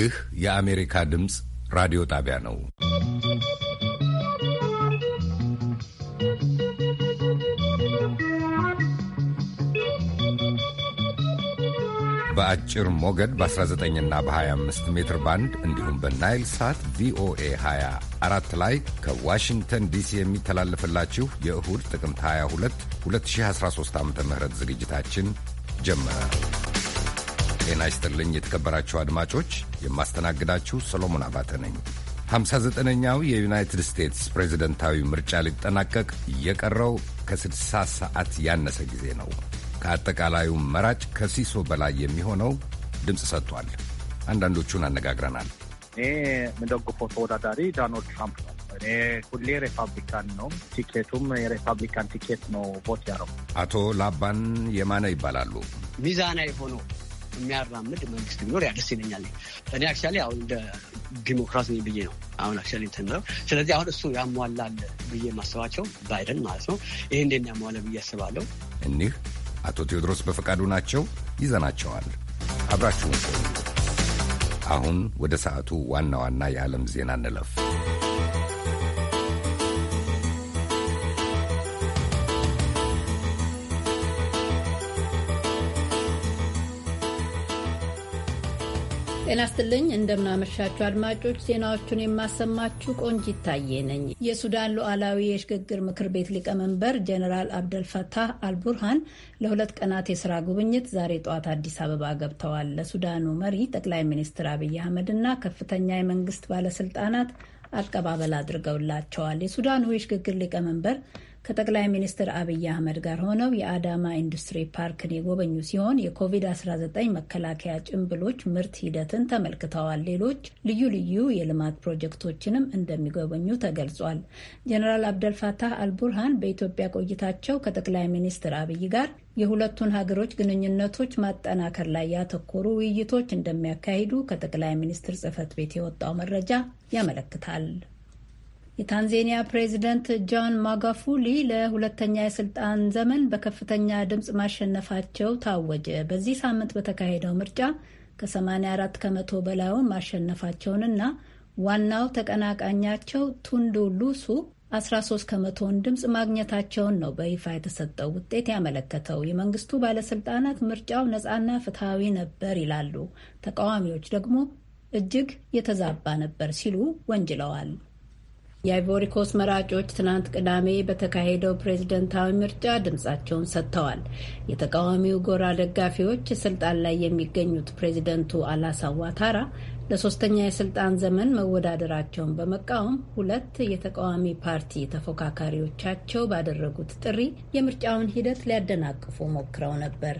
ይህ የአሜሪካ ድምፅ ራዲዮ ጣቢያ ነው። በአጭር ሞገድ በ19ና በ25 ሜትር ባንድ እንዲሁም በናይል ሳት ቪኦኤ 24 ላይ ከዋሽንግተን ዲሲ የሚተላለፍላችሁ የእሁድ ጥቅምት 22 2013 ዓ ም ዝግጅታችን ጀመረ። ጤና ይስጥልኝ የተከበራችሁ አድማጮች፣ የማስተናግዳችሁ ሰሎሞን አባተ ነኝ። 59ኛው የዩናይትድ ስቴትስ ፕሬዚደንታዊ ምርጫ ሊጠናቀቅ የቀረው ከ60 ሰዓት ያነሰ ጊዜ ነው። ከአጠቃላዩ መራጭ ከሲሶ በላይ የሚሆነው ድምፅ ሰጥቷል። አንዳንዶቹን አነጋግረናል። እኔ የምደግፈው ተወዳዳሪ ዳናልድ ትራምፕ ነው። እኔ ሁሌ ሪፐብሊካን ነው። ቲኬቱም የሪፐብሊካን ቲኬት ነው ቦት ያረው። አቶ ላባን የማነ ይባላሉ። ሚዛናዊ ሆኖ የሚያራምድ መንግስት ቢኖር ያደስ ይለኛል። እኔ አክቹዋሊ አሁን እንደ ዲሞክራሲ ብዬ ነው አሁን አክቹዋሊ ተምረው። ስለዚህ አሁን እሱ ያሟላል ብዬ ማስባቸው ባይደን ማለት ነው። ይህ እንዴት ያሟላል ብዬ አስባለሁ። እኒህ አቶ ቴዎድሮስ በፈቃዱ ናቸው። ይዘናቸዋል። አብራችሁን አሁን ወደ ሰዓቱ ዋና ዋና የዓለም ዜና እንለፍ። ጤና ስትልኝ እንደምናመሻችሁ አድማጮች፣ ዜናዎቹን የማሰማችሁ ቆንጅ ይታየ ነኝ። የሱዳን ሉዓላዊ የሽግግር ምክር ቤት ሊቀመንበር ጀኔራል አብደልፈታህ አልቡርሃን ለሁለት ቀናት የስራ ጉብኝት ዛሬ ጠዋት አዲስ አበባ ገብተዋል። ለሱዳኑ መሪ ጠቅላይ ሚኒስትር አብይ አህመድ እና ከፍተኛ የመንግስት ባለስልጣናት አቀባበል አድርገውላቸዋል። የሱዳኑ የሽግግር ሊቀመንበር ከጠቅላይ ሚኒስትር አብይ አህመድ ጋር ሆነው የአዳማ ኢንዱስትሪ ፓርክን የጎበኙ ሲሆን የኮቪድ-19 መከላከያ ጭንብሎች ምርት ሂደትን ተመልክተዋል። ሌሎች ልዩ ልዩ የልማት ፕሮጀክቶችንም እንደሚጎበኙ ተገልጿል። ጀኔራል አብደልፋታህ አልቡርሃን በኢትዮጵያ ቆይታቸው ከጠቅላይ ሚኒስትር አብይ ጋር የሁለቱን ሀገሮች ግንኙነቶች ማጠናከር ላይ ያተኮሩ ውይይቶች እንደሚያካሂዱ ከጠቅላይ ሚኒስትር ጽህፈት ቤት የወጣው መረጃ ያመለክታል። የታንዜኒያ ፕሬዚደንት ጆን ማጋፉሊ ለሁለተኛ የስልጣን ዘመን በከፍተኛ ድምፅ ማሸነፋቸው ታወጀ። በዚህ ሳምንት በተካሄደው ምርጫ ከ84 ከመቶ በላዩን ማሸነፋቸውንና ዋናው ተቀናቃኛቸው ቱንዱ ሉሱ 13 ከመቶውን ድምፅ ማግኘታቸውን ነው በይፋ የተሰጠው ውጤት ያመለከተው። የመንግስቱ ባለስልጣናት ምርጫው ነፃና ፍትሐዊ ነበር ይላሉ፣ ተቃዋሚዎች ደግሞ እጅግ የተዛባ ነበር ሲሉ ወንጅለዋል። የአይቮሪኮስ መራጮች ትናንት ቅዳሜ በተካሄደው ፕሬዝደንታዊ ምርጫ ድምጻቸውን ሰጥተዋል። የተቃዋሚው ጎራ ደጋፊዎች ስልጣን ላይ የሚገኙት ፕሬዝደንቱ አላሳ ዋታራ ለሶስተኛ የስልጣን ዘመን መወዳደራቸውን በመቃወም ሁለት የተቃዋሚ ፓርቲ ተፎካካሪዎቻቸው ባደረጉት ጥሪ የምርጫውን ሂደት ሊያደናቅፉ ሞክረው ነበር።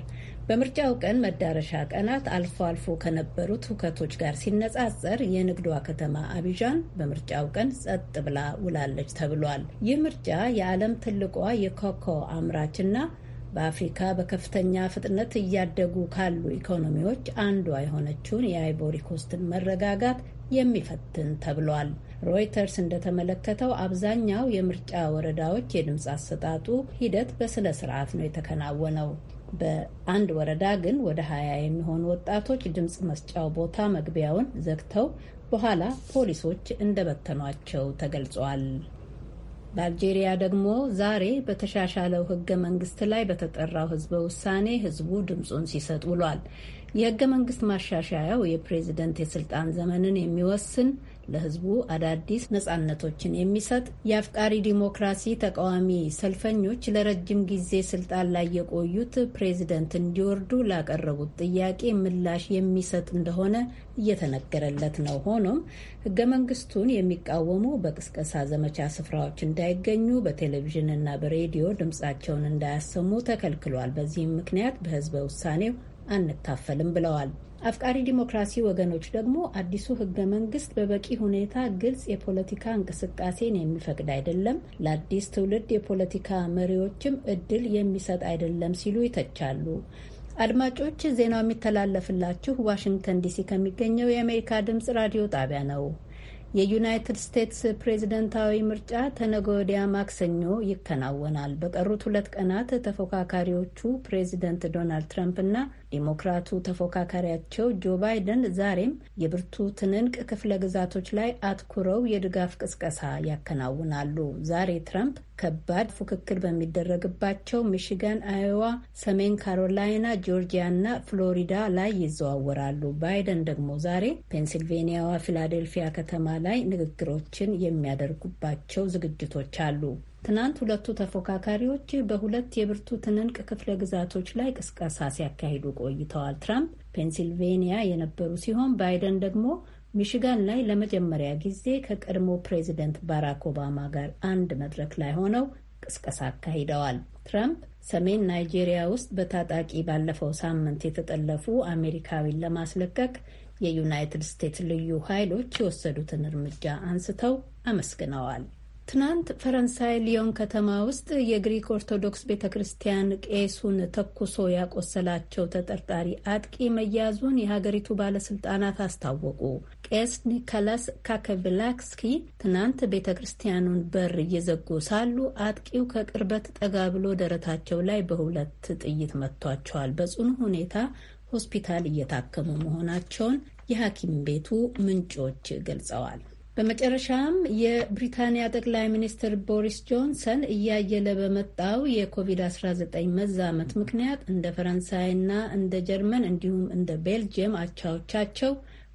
በምርጫው ቀን መዳረሻ ቀናት አልፎ አልፎ ከነበሩት ሁከቶች ጋር ሲነጻጸር የንግዷ ከተማ አቢዣን በምርጫው ቀን ጸጥ ብላ ውላለች ተብሏል። ይህ ምርጫ የዓለም ትልቋ የኮኮ አምራች ና በአፍሪካ በከፍተኛ ፍጥነት እያደጉ ካሉ ኢኮኖሚዎች አንዷ የሆነችውን የአይቮሪ ኮስትን መረጋጋት የሚፈትን ተብሏል። ሮይተርስ እንደተመለከተው አብዛኛው የምርጫ ወረዳዎች የድምፅ አሰጣጡ ሂደት በስነ ስርዓት ነው የተከናወነው። በአንድ ወረዳ ግን ወደ ሀያ የሚሆኑ ወጣቶች ድምፅ መስጫው ቦታ መግቢያውን ዘግተው በኋላ ፖሊሶች እንደበተኗቸው ተገልጿል። በአልጄሪያ ደግሞ ዛሬ በተሻሻለው ህገ መንግስት ላይ በተጠራው ህዝበ ውሳኔ ህዝቡ ድምፁን ሲሰጥ ውሏል። የህገ መንግስት ማሻሻያው የፕሬዝደንት የስልጣን ዘመንን የሚወስን ለህዝቡ አዳዲስ ነጻነቶችን የሚሰጥ የአፍቃሪ ዲሞክራሲ ተቃዋሚ ሰልፈኞች ለረጅም ጊዜ ስልጣን ላይ የቆዩት ፕሬዝደንት እንዲወርዱ ላቀረቡት ጥያቄ ምላሽ የሚሰጥ እንደሆነ እየተነገረለት ነው። ሆኖም ህገ መንግስቱን የሚቃወሙ በቅስቀሳ ዘመቻ ስፍራዎች እንዳይገኙ፣ በቴሌቪዥንና በሬዲዮ ድምጻቸውን እንዳያሰሙ ተከልክሏል። በዚህም ምክንያት በህዝበ ውሳኔው አንካፈልም ብለዋል። አፍቃሪ ዲሞክራሲ ወገኖች ደግሞ አዲሱ ህገ መንግስት በበቂ ሁኔታ ግልጽ የፖለቲካ እንቅስቃሴን የሚፈቅድ አይደለም፣ ለአዲስ ትውልድ የፖለቲካ መሪዎችም እድል የሚሰጥ አይደለም ሲሉ ይተቻሉ። አድማጮች፣ ዜናው የሚተላለፍላችሁ ዋሽንግተን ዲሲ ከሚገኘው የአሜሪካ ድምጽ ራዲዮ ጣቢያ ነው። የዩናይትድ ስቴትስ ፕሬዝደንታዊ ምርጫ ተነገ ወዲያ ማክሰኞ ይከናወናል። በቀሩት ሁለት ቀናት ተፎካካሪዎቹ ፕሬዝደንት ዶናልድ ትራምፕ እና ዴሞክራቱ ተፎካካሪያቸው ጆ ባይደን ዛሬም የብርቱ ትንንቅ ክፍለ ግዛቶች ላይ አትኩረው የድጋፍ ቅስቀሳ ያከናውናሉ። ዛሬ ትራምፕ ከባድ ፉክክር በሚደረግባቸው ሚሽጋን፣ አዮዋ፣ ሰሜን ካሮላይና፣ ጆርጂያ እና ፍሎሪዳ ላይ ይዘዋወራሉ። ባይደን ደግሞ ዛሬ ፔንሲልቬኒያዋ ፊላዴልፊያ ከተማ ላይ ንግግሮችን የሚያደርጉባቸው ዝግጅቶች አሉ። ትናንት ሁለቱ ተፎካካሪዎች በሁለት የብርቱ ትንንቅ ክፍለ ግዛቶች ላይ ቅስቀሳ ሲያካሂዱ ቆይተዋል። ትራምፕ ፔንሲልቬንያ የነበሩ ሲሆን ባይደን ደግሞ ሚሽጋን ላይ ለመጀመሪያ ጊዜ ከቀድሞ ፕሬዚደንት ባራክ ኦባማ ጋር አንድ መድረክ ላይ ሆነው ቅስቀሳ አካሂደዋል። ትራምፕ ሰሜን ናይጄሪያ ውስጥ በታጣቂ ባለፈው ሳምንት የተጠለፉ አሜሪካዊን ለማስለቀቅ የዩናይትድ ስቴትስ ልዩ ኃይሎች የወሰዱትን እርምጃ አንስተው አመስግነዋል። ትናንት ፈረንሳይ ሊዮን ከተማ ውስጥ የግሪክ ኦርቶዶክስ ቤተ ክርስቲያን ቄሱን ተኩሶ ያቆሰላቸው ተጠርጣሪ አጥቂ መያዙን የሀገሪቱ ባለስልጣናት አስታወቁ። ቄስ ኒካላስ ካከብላክስኪ ትናንት ቤተ ክርስቲያኑን በር እየዘጉ ሳሉ አጥቂው ከቅርበት ጠጋ ብሎ ደረታቸው ላይ በሁለት ጥይት መቷቸዋል። በጽኑ ሁኔታ ሆስፒታል እየታከሙ መሆናቸውን የሐኪም ቤቱ ምንጮች ገልጸዋል። በመጨረሻም የብሪታንያ ጠቅላይ ሚኒስትር ቦሪስ ጆንሰን እያየለ በመጣው የኮቪድ-19 መዛመት ምክንያት እንደ ፈረንሳይና እንደ ጀርመን እንዲሁም እንደ ቤልጅየም አቻዎቻቸው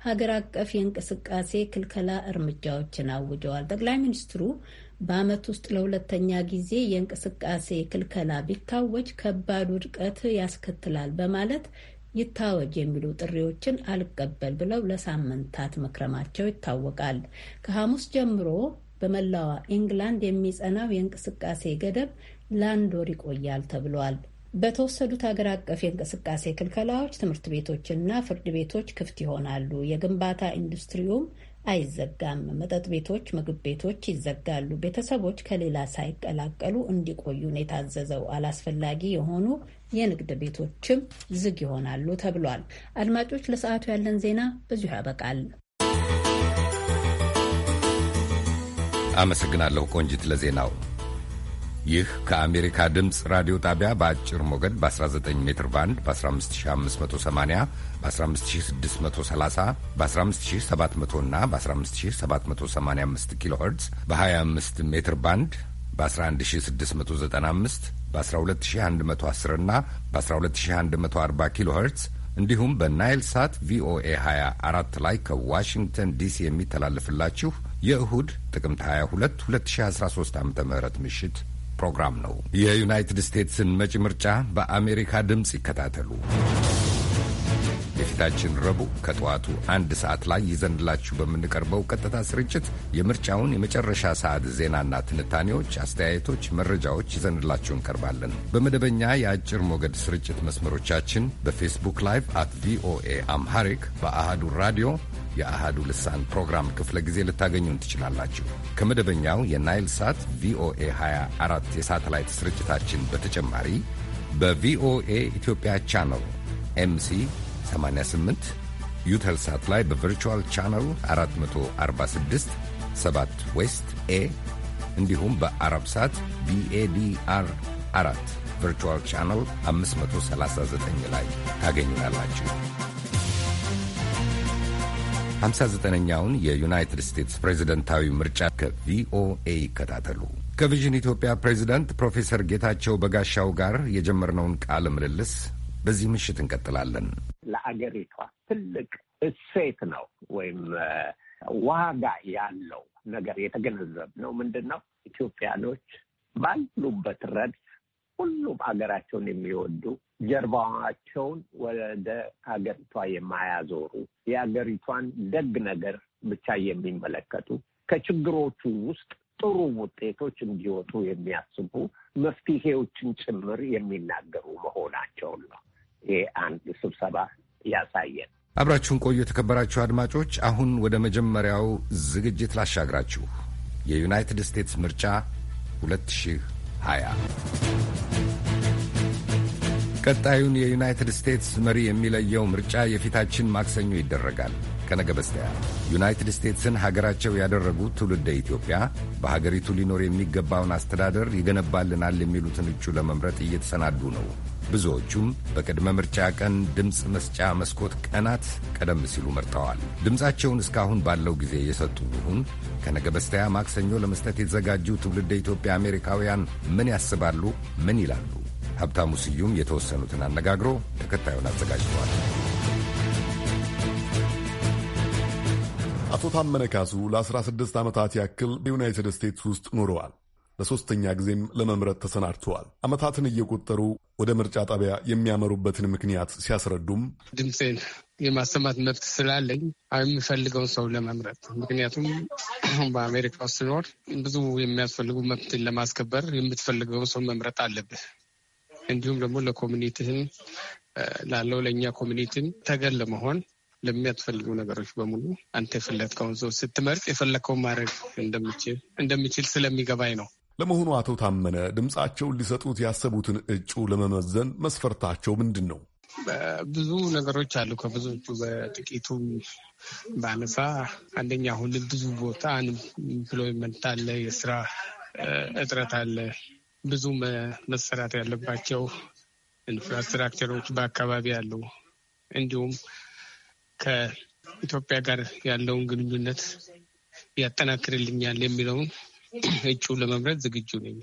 ሀገር አቀፍ የእንቅስቃሴ ክልከላ እርምጃዎችን አውጀዋል። ጠቅላይ ሚኒስትሩ በዓመት ውስጥ ለሁለተኛ ጊዜ የእንቅስቃሴ ክልከላ ቢታወጅ ከባድ ውድቀት ያስከትላል በማለት ይታወጅ የሚሉ ጥሪዎችን አልቀበል ብለው ለሳምንታት መክረማቸው ይታወቃል። ከሐሙስ ጀምሮ በመላዋ ኢንግላንድ የሚጸናው የእንቅስቃሴ ገደብ ለአንድ ወር ይቆያል ተብሏል። በተወሰዱት ሀገር አቀፍ የእንቅስቃሴ ክልከላዎች ትምህርት ቤቶችና ፍርድ ቤቶች ክፍት ይሆናሉ። የግንባታ ኢንዱስትሪውም አይዘጋም። መጠጥ ቤቶች፣ ምግብ ቤቶች ይዘጋሉ። ቤተሰቦች ከሌላ ሳይቀላቀሉ እንዲቆዩ ነው የታዘዘው። አላስፈላጊ የሆኑ የንግድ ቤቶችም ዝግ ይሆናሉ ተብሏል። አድማጮች፣ ለሰዓቱ ያለን ዜና በዚሁ ያበቃል። አመሰግናለሁ ቆንጂት ለዜናው። ይህ ከአሜሪካ ድምፅ ራዲዮ ጣቢያ በአጭር ሞገድ በ19 ሜትር ባንድ በ15580 በ15630 በ15700 እና በ15785 ኪሎ ኸርትዝ በ25 ሜትር ባንድ በ11695 በ12110 እና በ12140 ኪሎ ሄርትዝ እንዲሁም በናይል ሳት ቪኦኤ 24 ላይ ከዋሽንግተን ዲሲ የሚተላለፍላችሁ የእሁድ ጥቅምት 22 2013 ዓ ም ምሽት ፕሮግራም ነው። የዩናይትድ ስቴትስን መጪ ምርጫ በአሜሪካ ድምፅ ይከታተሉ። የፊታችን ረቡዕ ከጠዋቱ አንድ ሰዓት ላይ ይዘንላችሁ በምንቀርበው ቀጥታ ስርጭት የምርጫውን የመጨረሻ ሰዓት ዜናና ትንታኔዎች፣ አስተያየቶች፣ መረጃዎች ይዘንላችሁ እንቀርባለን። በመደበኛ የአጭር ሞገድ ስርጭት መስመሮቻችን በፌስቡክ ላይቭ አት ቪኦኤ አምሃሪክ በአሃዱ ራዲዮ የአሃዱ ልሳን ፕሮግራም ክፍለ ጊዜ ልታገኙን ትችላላችሁ። ከመደበኛው የናይል ሳት ቪኦኤ 24 የሳተላይት ስርጭታችን በተጨማሪ በቪኦኤ ኢትዮጵያ ቻነል ኤምሲ 88 ዩተልሳት ላይ በቨርቹዋል ቻናል 446 7 ዌስት ኤ እንዲሁም በአረብ ሰዓት ቢኤዲአር 4 ቨርቹዋል ቻናል 539 ላይ ታገኙናላችሁ። 59ኛውን የዩናይትድ ስቴትስ ፕሬዚደንታዊ ምርጫ ከቪኦኤ ይከታተሉ። ከቪዥን ኢትዮጵያ ፕሬዝደንት ፕሮፌሰር ጌታቸው በጋሻው ጋር የጀመርነውን ቃለ ምልልስ በዚህ ምሽት እንቀጥላለን። ለአገሪቷ ትልቅ እሴት ነው ወይም ዋጋ ያለው ነገር ነው። ምንድን ነው? ኢትዮጵያኖች ባሉበት ረድፍ ሁሉም ሀገራቸውን የሚወዱ ጀርባቸውን ወደ ሀገሪቷ የማያዞሩ የአገሪቷን ደግ ነገር ብቻ የሚመለከቱ ከችግሮቹ ውስጥ ጥሩ ውጤቶች እንዲወጡ የሚያስቡ መፍትሄዎችን ጭምር የሚናገሩ መሆናቸውን ነው። ይሄ አንድ ስብሰባ ያሳየን። አብራችሁን ቆዩ የተከበራችሁ አድማጮች። አሁን ወደ መጀመሪያው ዝግጅት ላሻግራችሁ። የዩናይትድ ስቴትስ ምርጫ 2020 ቀጣዩን የዩናይትድ ስቴትስ መሪ የሚለየው ምርጫ የፊታችን ማክሰኞ ይደረጋል። ከነገ በስቲያ ዩናይትድ ስቴትስን ሀገራቸው ያደረጉ ትውልደ ኢትዮጵያ በሀገሪቱ ሊኖር የሚገባውን አስተዳደር ይገነባልናል የሚሉትን እጩ ለመምረጥ እየተሰናዱ ነው። ብዙዎቹም በቅድመ ምርጫ ቀን ድምፅ መስጫ መስኮት ቀናት ቀደም ሲሉ መርጠዋል። ድምፃቸውን እስካሁን ባለው ጊዜ የሰጡ ይሁን ከነገ በስተያ ማክሰኞ ለመስጠት የተዘጋጁ ትውልደ ኢትዮጵያ አሜሪካውያን ምን ያስባሉ? ምን ይላሉ? ሀብታሙ ስዩም የተወሰኑትን አነጋግሮ ተከታዩን አዘጋጅተዋል። አቶ ታመነ ካሱ ለ16 ዓመታት ያክል በዩናይትድ ስቴትስ ውስጥ ኖረዋል። ለሶስተኛ ጊዜም ለመምረጥ ተሰናድተዋል። ዓመታትን እየቆጠሩ ወደ ምርጫ ጣቢያ የሚያመሩበትን ምክንያት ሲያስረዱም ድምፄን የማሰማት መብት ስላለኝ የምፈልገውን ሰው ለመምረጥ ምክንያቱም በአሜሪካ ውስጥ ስኖር ብዙ የሚያስፈልጉ መብትን ለማስከበር የምትፈልገውን ሰው መምረጥ አለብህ። እንዲሁም ደግሞ ለኮሚኒቲህን ላለው ለእኛ ኮሚኒቲን ተገን ለመሆን ለሚያስፈልጉ ነገሮች በሙሉ አንተ የፈለግከውን ሰው ስትመርጥ የፈለግከውን ማድረግ እንደሚችል ስለሚገባኝ ነው። ለመሆኑ አቶ ታመነ ድምፃቸውን ሊሰጡት ያሰቡትን እጩ ለመመዘን መስፈርታቸው ምንድን ነው? ብዙ ነገሮች አሉ። ከብዙዎቹ በጥቂቱ ባነሳ አንደኛ አሁን ብዙ ቦታ ኢምፕሎይመንት አለ፣ የስራ እጥረት አለ። ብዙ መሰራት ያለባቸው ኢንፍራስትራክቸሮች በአካባቢ አሉ። እንዲሁም ከኢትዮጵያ ጋር ያለውን ግንኙነት ያጠናክርልኛል የሚለውን እጩ ለመምረጥ ዝግጁ ነኝ።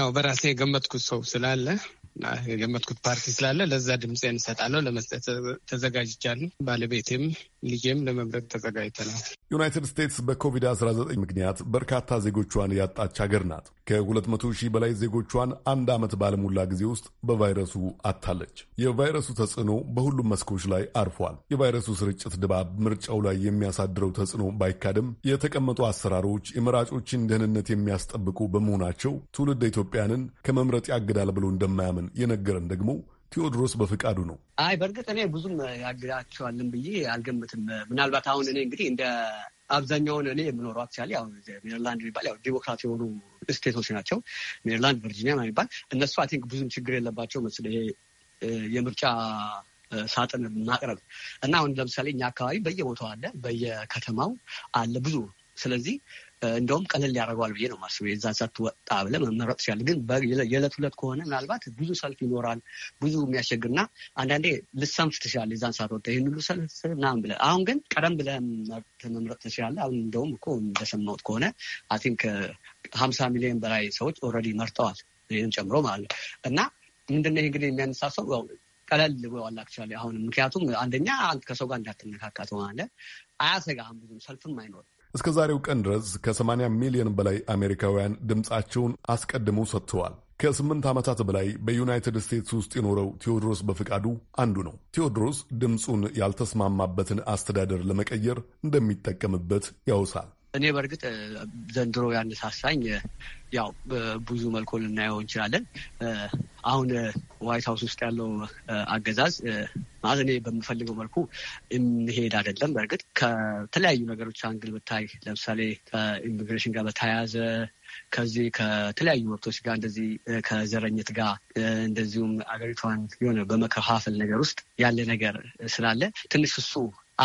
አዎ በራሴ የገመትኩት ሰው ስላለ እና የገመትኩት ፓርቲ ስላለ ለዛ ድምፅ እንሰጣለሁ። ለመስጠት ተዘጋጅቻለሁ። ባለቤቴም ልጄም ለመምረጥ ተዘጋጅተናል። ዩናይትድ ስቴትስ በኮቪድ-19 ምክንያት በርካታ ዜጎቿን ያጣች ሀገር ናት። ከሁለት ከ200 ሺህ በላይ ዜጎቿን አንድ ዓመት ባለሞላ ጊዜ ውስጥ በቫይረሱ አታለች። የቫይረሱ ተጽዕኖ በሁሉም መስኮች ላይ አርፏል። የቫይረሱ ስርጭት ድባብ ምርጫው ላይ የሚያሳድረው ተጽዕኖ ባይካድም የተቀመጡ አሰራሮች የመራጮችን ደህንነት የሚያስጠብቁ በመሆናቸው ትውልድ ኢትዮጵያንን ከመምረጥ ያግዳል ብሎ እንደማያምን መሆኑን የነገረን ደግሞ ቴዎድሮስ በፍቃዱ ነው። አይ በእርግጥ እኔ ብዙም ያግዳቸዋልን ብዬ አልገምትም። ምናልባት አሁን እኔ እንግዲህ እንደ አብዛኛውን እኔ የምኖረው አክቹዋሊ አሁን ሜሪላንድ የሚባል ያው ዲሞክራሲ የሆኑ ስቴቶች ናቸው። ሜሪላንድ፣ ቨርጂኒያ የሚባል እነሱ አይ ቲንክ ብዙም ችግር የለባቸው መስል ይሄ የምርጫ ሳጥን ማቅረብ እና አሁን ለምሳሌ እኛ አካባቢ በየቦታው አለ፣ በየከተማው አለ ብዙ ስለዚህ እንደውም ቀለል ያደርገዋል ብዬ ነው ማስበው። የዛን ሰዓት ወጣ ብለህ መመረጥ ሲያል ግን የዕለት ሁለት ከሆነ ምናልባት ብዙ ሰልፍ ይኖራል። ብዙ የሚያስቸግርና አንዳንዴ ልሰንፍ ትችላለህ። የዛን ሰዓት ወጣ ይህን ሁሉ ሰልፍ ምናምን ብለህ አሁን ግን ቀደም ብለህ መምረጥ ትችላለህ። አሁን እንደውም እኮ እንደሰማሁት ከሆነ አይ ቲንክ ሀምሳ ሚሊዮን በላይ ሰዎች ኦልሬዲ መርጠዋል፣ ይህን ጨምሮ ማለት ነው እና ምንድነው ይህ እንግዲህ የሚያነሳሳው ቀለል ዋላ አክቹዋሊ አሁን ምክንያቱም አንደኛ ከሰው ጋር እንዳትነካካተው አለ አያሰጋህም ብዙም ሰልፍም አይኖርም እስከ ዛሬው ቀን ድረስ ከ80 ሚሊዮን በላይ አሜሪካውያን ድምፃቸውን አስቀድመው ሰጥተዋል። ከስምንት ዓመታት በላይ በዩናይትድ ስቴትስ ውስጥ የኖረው ቴዎድሮስ በፍቃዱ አንዱ ነው። ቴዎድሮስ ድምፁን ያልተስማማበትን አስተዳደር ለመቀየር እንደሚጠቀምበት ያውሳል። እኔ በእርግጥ ዘንድሮ ያነሳሳኝ ያው ብዙ መልኩ ልናየው እንችላለን። አሁን ዋይት ሀውስ ውስጥ ያለው አገዛዝ ማለት እኔ በምፈልገው መልኩ የሚሄድ አይደለም። በእርግጥ ከተለያዩ ነገሮች አንግል ብታይ ለምሳሌ ከኢሚግሬሽን ጋር በተያያዘ ከዚህ ከተለያዩ መብቶች ጋር እንደዚህ ከዘረኝት ጋር እንደዚሁም አገሪቷን የሆነ በመከፋፈል ነገር ውስጥ ያለ ነገር ስላለ ትንሽ እሱ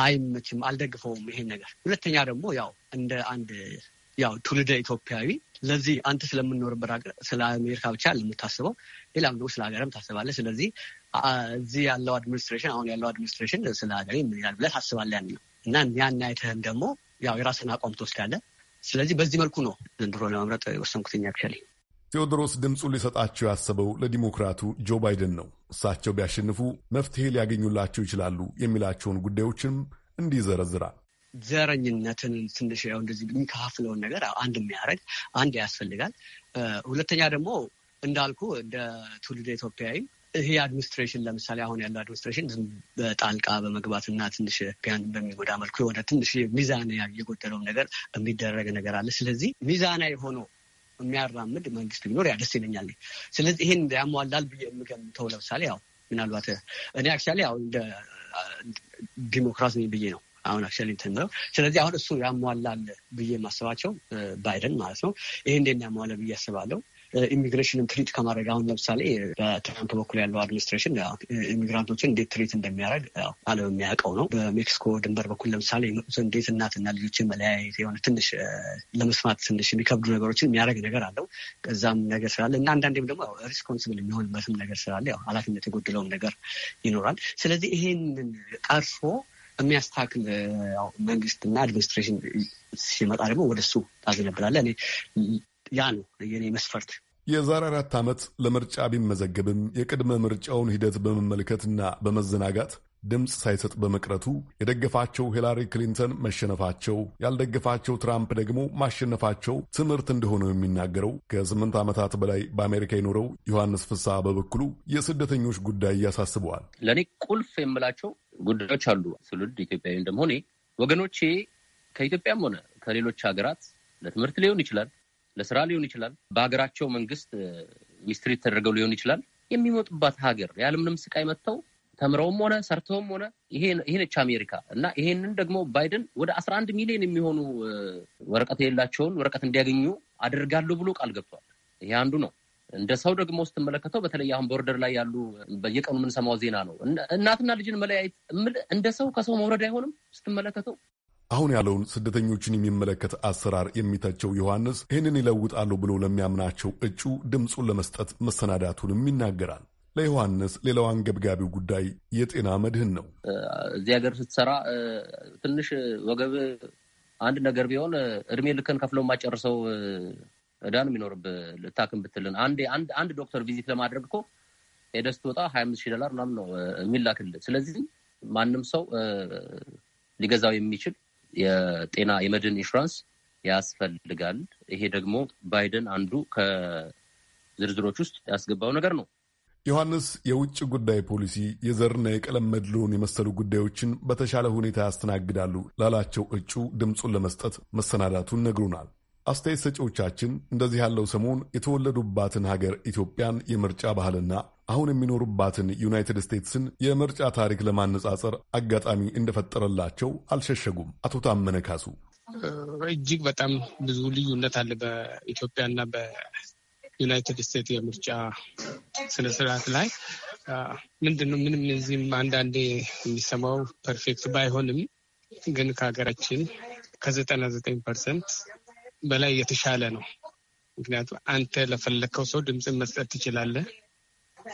አይመችም፣ አልደግፈውም ይሄን ነገር። ሁለተኛ ደግሞ ያው እንደ አንድ ያው ትውልደ ኢትዮጵያዊ ስለዚህ አንተ ስለምንኖርበት ሀገር ስለ አሜሪካ ብቻ ለምታስበው ሌላም ደግሞ ስለ ሀገርም ታስባለህ። ስለዚህ እዚህ ያለው አድሚኒስትሬሽን አሁን ያለው አድሚኒስትሬሽን ስለ ሀገሬ ምን ይላል ብለህ ታስባለህ ያን ነው እና ያን አይተህም ደግሞ ያው የራስን አቋም ትወስዳለህ። ስለዚህ በዚህ መልኩ ነው ዘንድሮ ለመምረጥ የወሰንኩትኛ ክሸል ቴዎድሮስ ድምፁን ሊሰጣቸው ያሰበው ለዲሞክራቱ ጆ ባይደን ነው። እሳቸው ቢያሸንፉ መፍትሄ ሊያገኙላቸው ይችላሉ የሚላቸውን ጉዳዮችም እንዲህ ይዘረዝራል። ዘረኝነትን ትንሽ ያው እንደዚህ የሚከፋፍለውን ነገር አንድ የሚያደርግ አንድ ያስፈልጋል። ሁለተኛ ደግሞ እንዳልኩ እንደ ትውልድ ኢትዮጵያዊ ይሄ አድሚኒስትሬሽን ለምሳሌ አሁን ያለው አድሚኒስትሬሽን በጣልቃ በመግባትና ትንሽ ኢትዮጵያን በሚጎዳ መልኩ የሆነ ትንሽ ሚዛን የጎደለውም ነገር የሚደረግ ነገር አለ። ስለዚህ ሚዛና የሆነው የሚያራምድ መንግስት ቢኖር ያደስ ይለኛል። ስለዚህ ይህን ያሟላል ብዬ የምገምተው ለምሳሌ ያው ምናልባት እኔ አክቹዋሊ ያው እንደ ዲሞክራት ነኝ ብዬ ነው አሁን አክቹዋሊ እንትን ስለዚህ አሁን እሱ ያሟላል ብዬ የማስባቸው ባይደን ማለት ነው። ይህ እንደ ያሟላ ብዬ አስባለሁ። ኢሚግሬሽንን ትሪት ከማድረግ አሁን ለምሳሌ በትራምፕ በኩል ያለው አድሚኒስትሬሽን ኢሚግራንቶችን እንዴት ትሪት እንደሚያደርግ ዓለም የሚያውቀው ነው። በሜክሲኮ ድንበር በኩል ለምሳሌ እንዴት እናትና ልጆችን መለያየት የሆነ ትንሽ ለመስማት ትንሽ የሚከብዱ ነገሮችን የሚያደርግ ነገር አለው። ከዛም ነገር ስላለ እና አንዳንዴም ደግሞ ሪስፖንስብል የሚሆንበትም ነገር ስላለ ያው ኃላፊነት የጎደለውም ነገር ይኖራል። ስለዚህ ይሄንን ቀርፎ የሚያስተካክል መንግስትና አድሚኒስትሬሽን ሲመጣ ደግሞ ወደሱ ታዝነብላለ። እኔ ያ ነው የኔ መስፈርት። የዛሬ አራት ዓመት ለምርጫ ቢመዘገብም የቅድመ ምርጫውን ሂደት በመመልከትና በመዘናጋት ድምፅ ሳይሰጥ በመቅረቱ የደገፋቸው ሂላሪ ክሊንተን መሸነፋቸው፣ ያልደገፋቸው ትራምፕ ደግሞ ማሸነፋቸው ትምህርት እንደሆነው የሚናገረው ከስምንት ዓመታት በላይ በአሜሪካ የኖረው ዮሐንስ ፍስሐ በበኩሉ የስደተኞች ጉዳይ ያሳስበዋል። ለእኔ ቁልፍ የምላቸው ጉዳዮች አሉ። ትውልድ ኢትዮጵያዊ እንደመሆኔ ወገኖቼ ከኢትዮጵያም ሆነ ከሌሎች ሀገራት ለትምህርት ሊሆን ይችላል ለስራ ሊሆን ይችላል፣ በሀገራቸው መንግስት ሚስትሪት ተደርገው ሊሆን ይችላል። የሚመጡባት ሀገር ያለምንም ስቃይ መጥተው ተምረውም ሆነ ሰርተውም ሆነ ይሄነች አሜሪካ እና ይሄንን ደግሞ ባይደን ወደ አስራ አንድ ሚሊዮን የሚሆኑ ወረቀት የሌላቸውን ወረቀት እንዲያገኙ አደርጋለሁ ብሎ ቃል ገብቷል። ይሄ አንዱ ነው። እንደ ሰው ደግሞ ስትመለከተው በተለይ አሁን ቦርደር ላይ ያሉ በየቀኑ የምንሰማው ዜና ነው። እናትና ልጅን መለያየት እንደ ሰው ከሰው መውረድ አይሆንም ስትመለከተው አሁን ያለውን ስደተኞችን የሚመለከት አሰራር የሚተቸው ዮሐንስ ይህንን ይለውጣሉ ብሎ ለሚያምናቸው እጩ ድምፁን ለመስጠት መሰናዳቱንም ይናገራል። ለዮሐንስ ሌላው አንገብጋቢው ጉዳይ የጤና መድህን ነው። እዚህ ሀገር ስትሰራ ትንሽ ወገብ አንድ ነገር ቢሆን እድሜ ልክን ከፍለው የማጨርሰው እዳን የሚኖርብ የሚኖርብህ። ልታክም ብትልን አንድ ዶክተር ቪዚት ለማድረግ እኮ ሄደህ ስትወጣ ሀያ አምስት ሺህ ዶላር ምናምን ነው የሚላክልህ። ስለዚህ ማንም ሰው ሊገዛው የሚችል የጤና የመድን ኢንሹራንስ ያስፈልጋል። ይሄ ደግሞ ባይደን አንዱ ከዝርዝሮች ውስጥ ያስገባው ነገር ነው። ዮሐንስ የውጭ ጉዳይ ፖሊሲ የዘርና የቀለም መድሎን የመሰሉ ጉዳዮችን በተሻለ ሁኔታ ያስተናግዳሉ ላላቸው እጩ ድምፁን ለመስጠት መሰናዳቱን ነግሩናል። አስተያየት ሰጪዎቻችን እንደዚህ ያለው ሰሞን የተወለዱባትን ሀገር ኢትዮጵያን የምርጫ ባህልና አሁን የሚኖሩባትን ዩናይትድ ስቴትስን የምርጫ ታሪክ ለማነጻጸር አጋጣሚ እንደፈጠረላቸው አልሸሸጉም። አቶ ታመነ ካሱ እጅግ በጣም ብዙ ልዩነት አለ በኢትዮጵያና በዩናይትድ ስቴትስ የምርጫ ስነስርዓት ላይ ምንድነው ምንም እዚህም አንዳንዴ የሚሰማው ፐርፌክት ባይሆንም ግን ከሀገራችን ከዘጠና ዘጠኝ ፐርሰንት በላይ የተሻለ ነው። ምክንያቱም አንተ ለፈለግከው ሰው ድምፅን መስጠት ትችላለህ።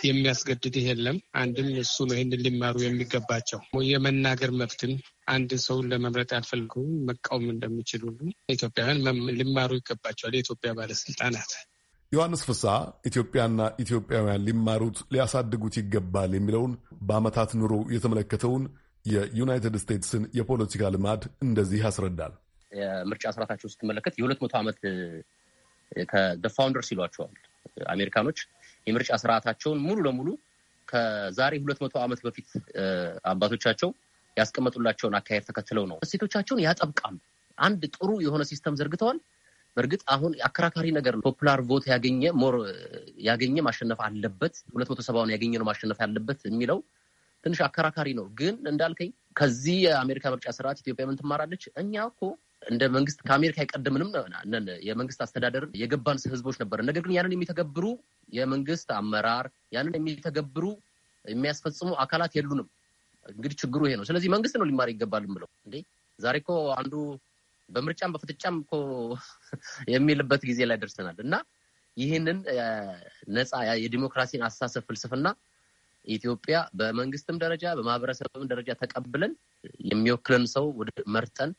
የሚያስገድድ የለም። አንድም እሱ ነው ይህንን ሊማሩ የሚገባቸው። የመናገር መብትን አንድ ሰውን ለመምረጥ ያልፈልጉ መቃወም እንደሚችሉ ኢትዮጵያውያን ሊማሩ ይገባቸዋል። የኢትዮጵያ ባለስልጣናት ዮሐንስ ፍስሐ ኢትዮጵያና ኢትዮጵያውያን ሊማሩት ሊያሳድጉት ይገባል የሚለውን በዓመታት ኑሮ የተመለከተውን የዩናይትድ ስቴትስን የፖለቲካ ልማድ እንደዚህ ያስረዳል። የምርጫ ስርዓታቸው ስትመለከት የሁለት መቶ ዓመት ከፋውንደርስ ይሏቸዋል አሜሪካኖች የምርጫ ስርዓታቸውን ሙሉ ለሙሉ ከዛሬ ሁለት መቶ ዓመት በፊት አባቶቻቸው ያስቀመጡላቸውን አካሄድ ተከትለው ነው። እሴቶቻቸውን ያጠብቃሉ። አንድ ጥሩ የሆነ ሲስተም ዘርግተዋል። በእርግጥ አሁን አከራካሪ ነገር ነው። ፖፑላር ቮት ያገኘ ሞር ያገኘ ማሸነፍ አለበት፣ ሁለት መቶ ሰባውን ያገኘ ነው ማሸነፍ ያለበት የሚለው ትንሽ አከራካሪ ነው። ግን እንዳልከኝ ከዚህ የአሜሪካ ምርጫ ስርዓት ኢትዮጵያ ምን ትማራለች? እኛ እኮ እንደ መንግስት ከአሜሪካ የቀደምንም ነን። የመንግስት አስተዳደር የገባን ህዝቦች ነበር። ነገር ግን ያንን የሚተገብሩ የመንግስት አመራር ያንን የሚተገብሩ የሚያስፈጽሙ አካላት የሉንም። እንግዲህ ችግሩ ይሄ ነው። ስለዚህ መንግስት ነው ሊማር ይገባል ብለው እንዴ ዛሬ እኮ አንዱ በምርጫም በፍጥጫም እኮ የሚልበት ጊዜ ላይ ደርሰናል። እና ይህንን ነፃ የዲሞክራሲን አስተሳሰብ ፍልስፍና ኢትዮጵያ በመንግስትም ደረጃ በማህበረሰብም ደረጃ ተቀብለን የሚወክለን ሰው መርጠን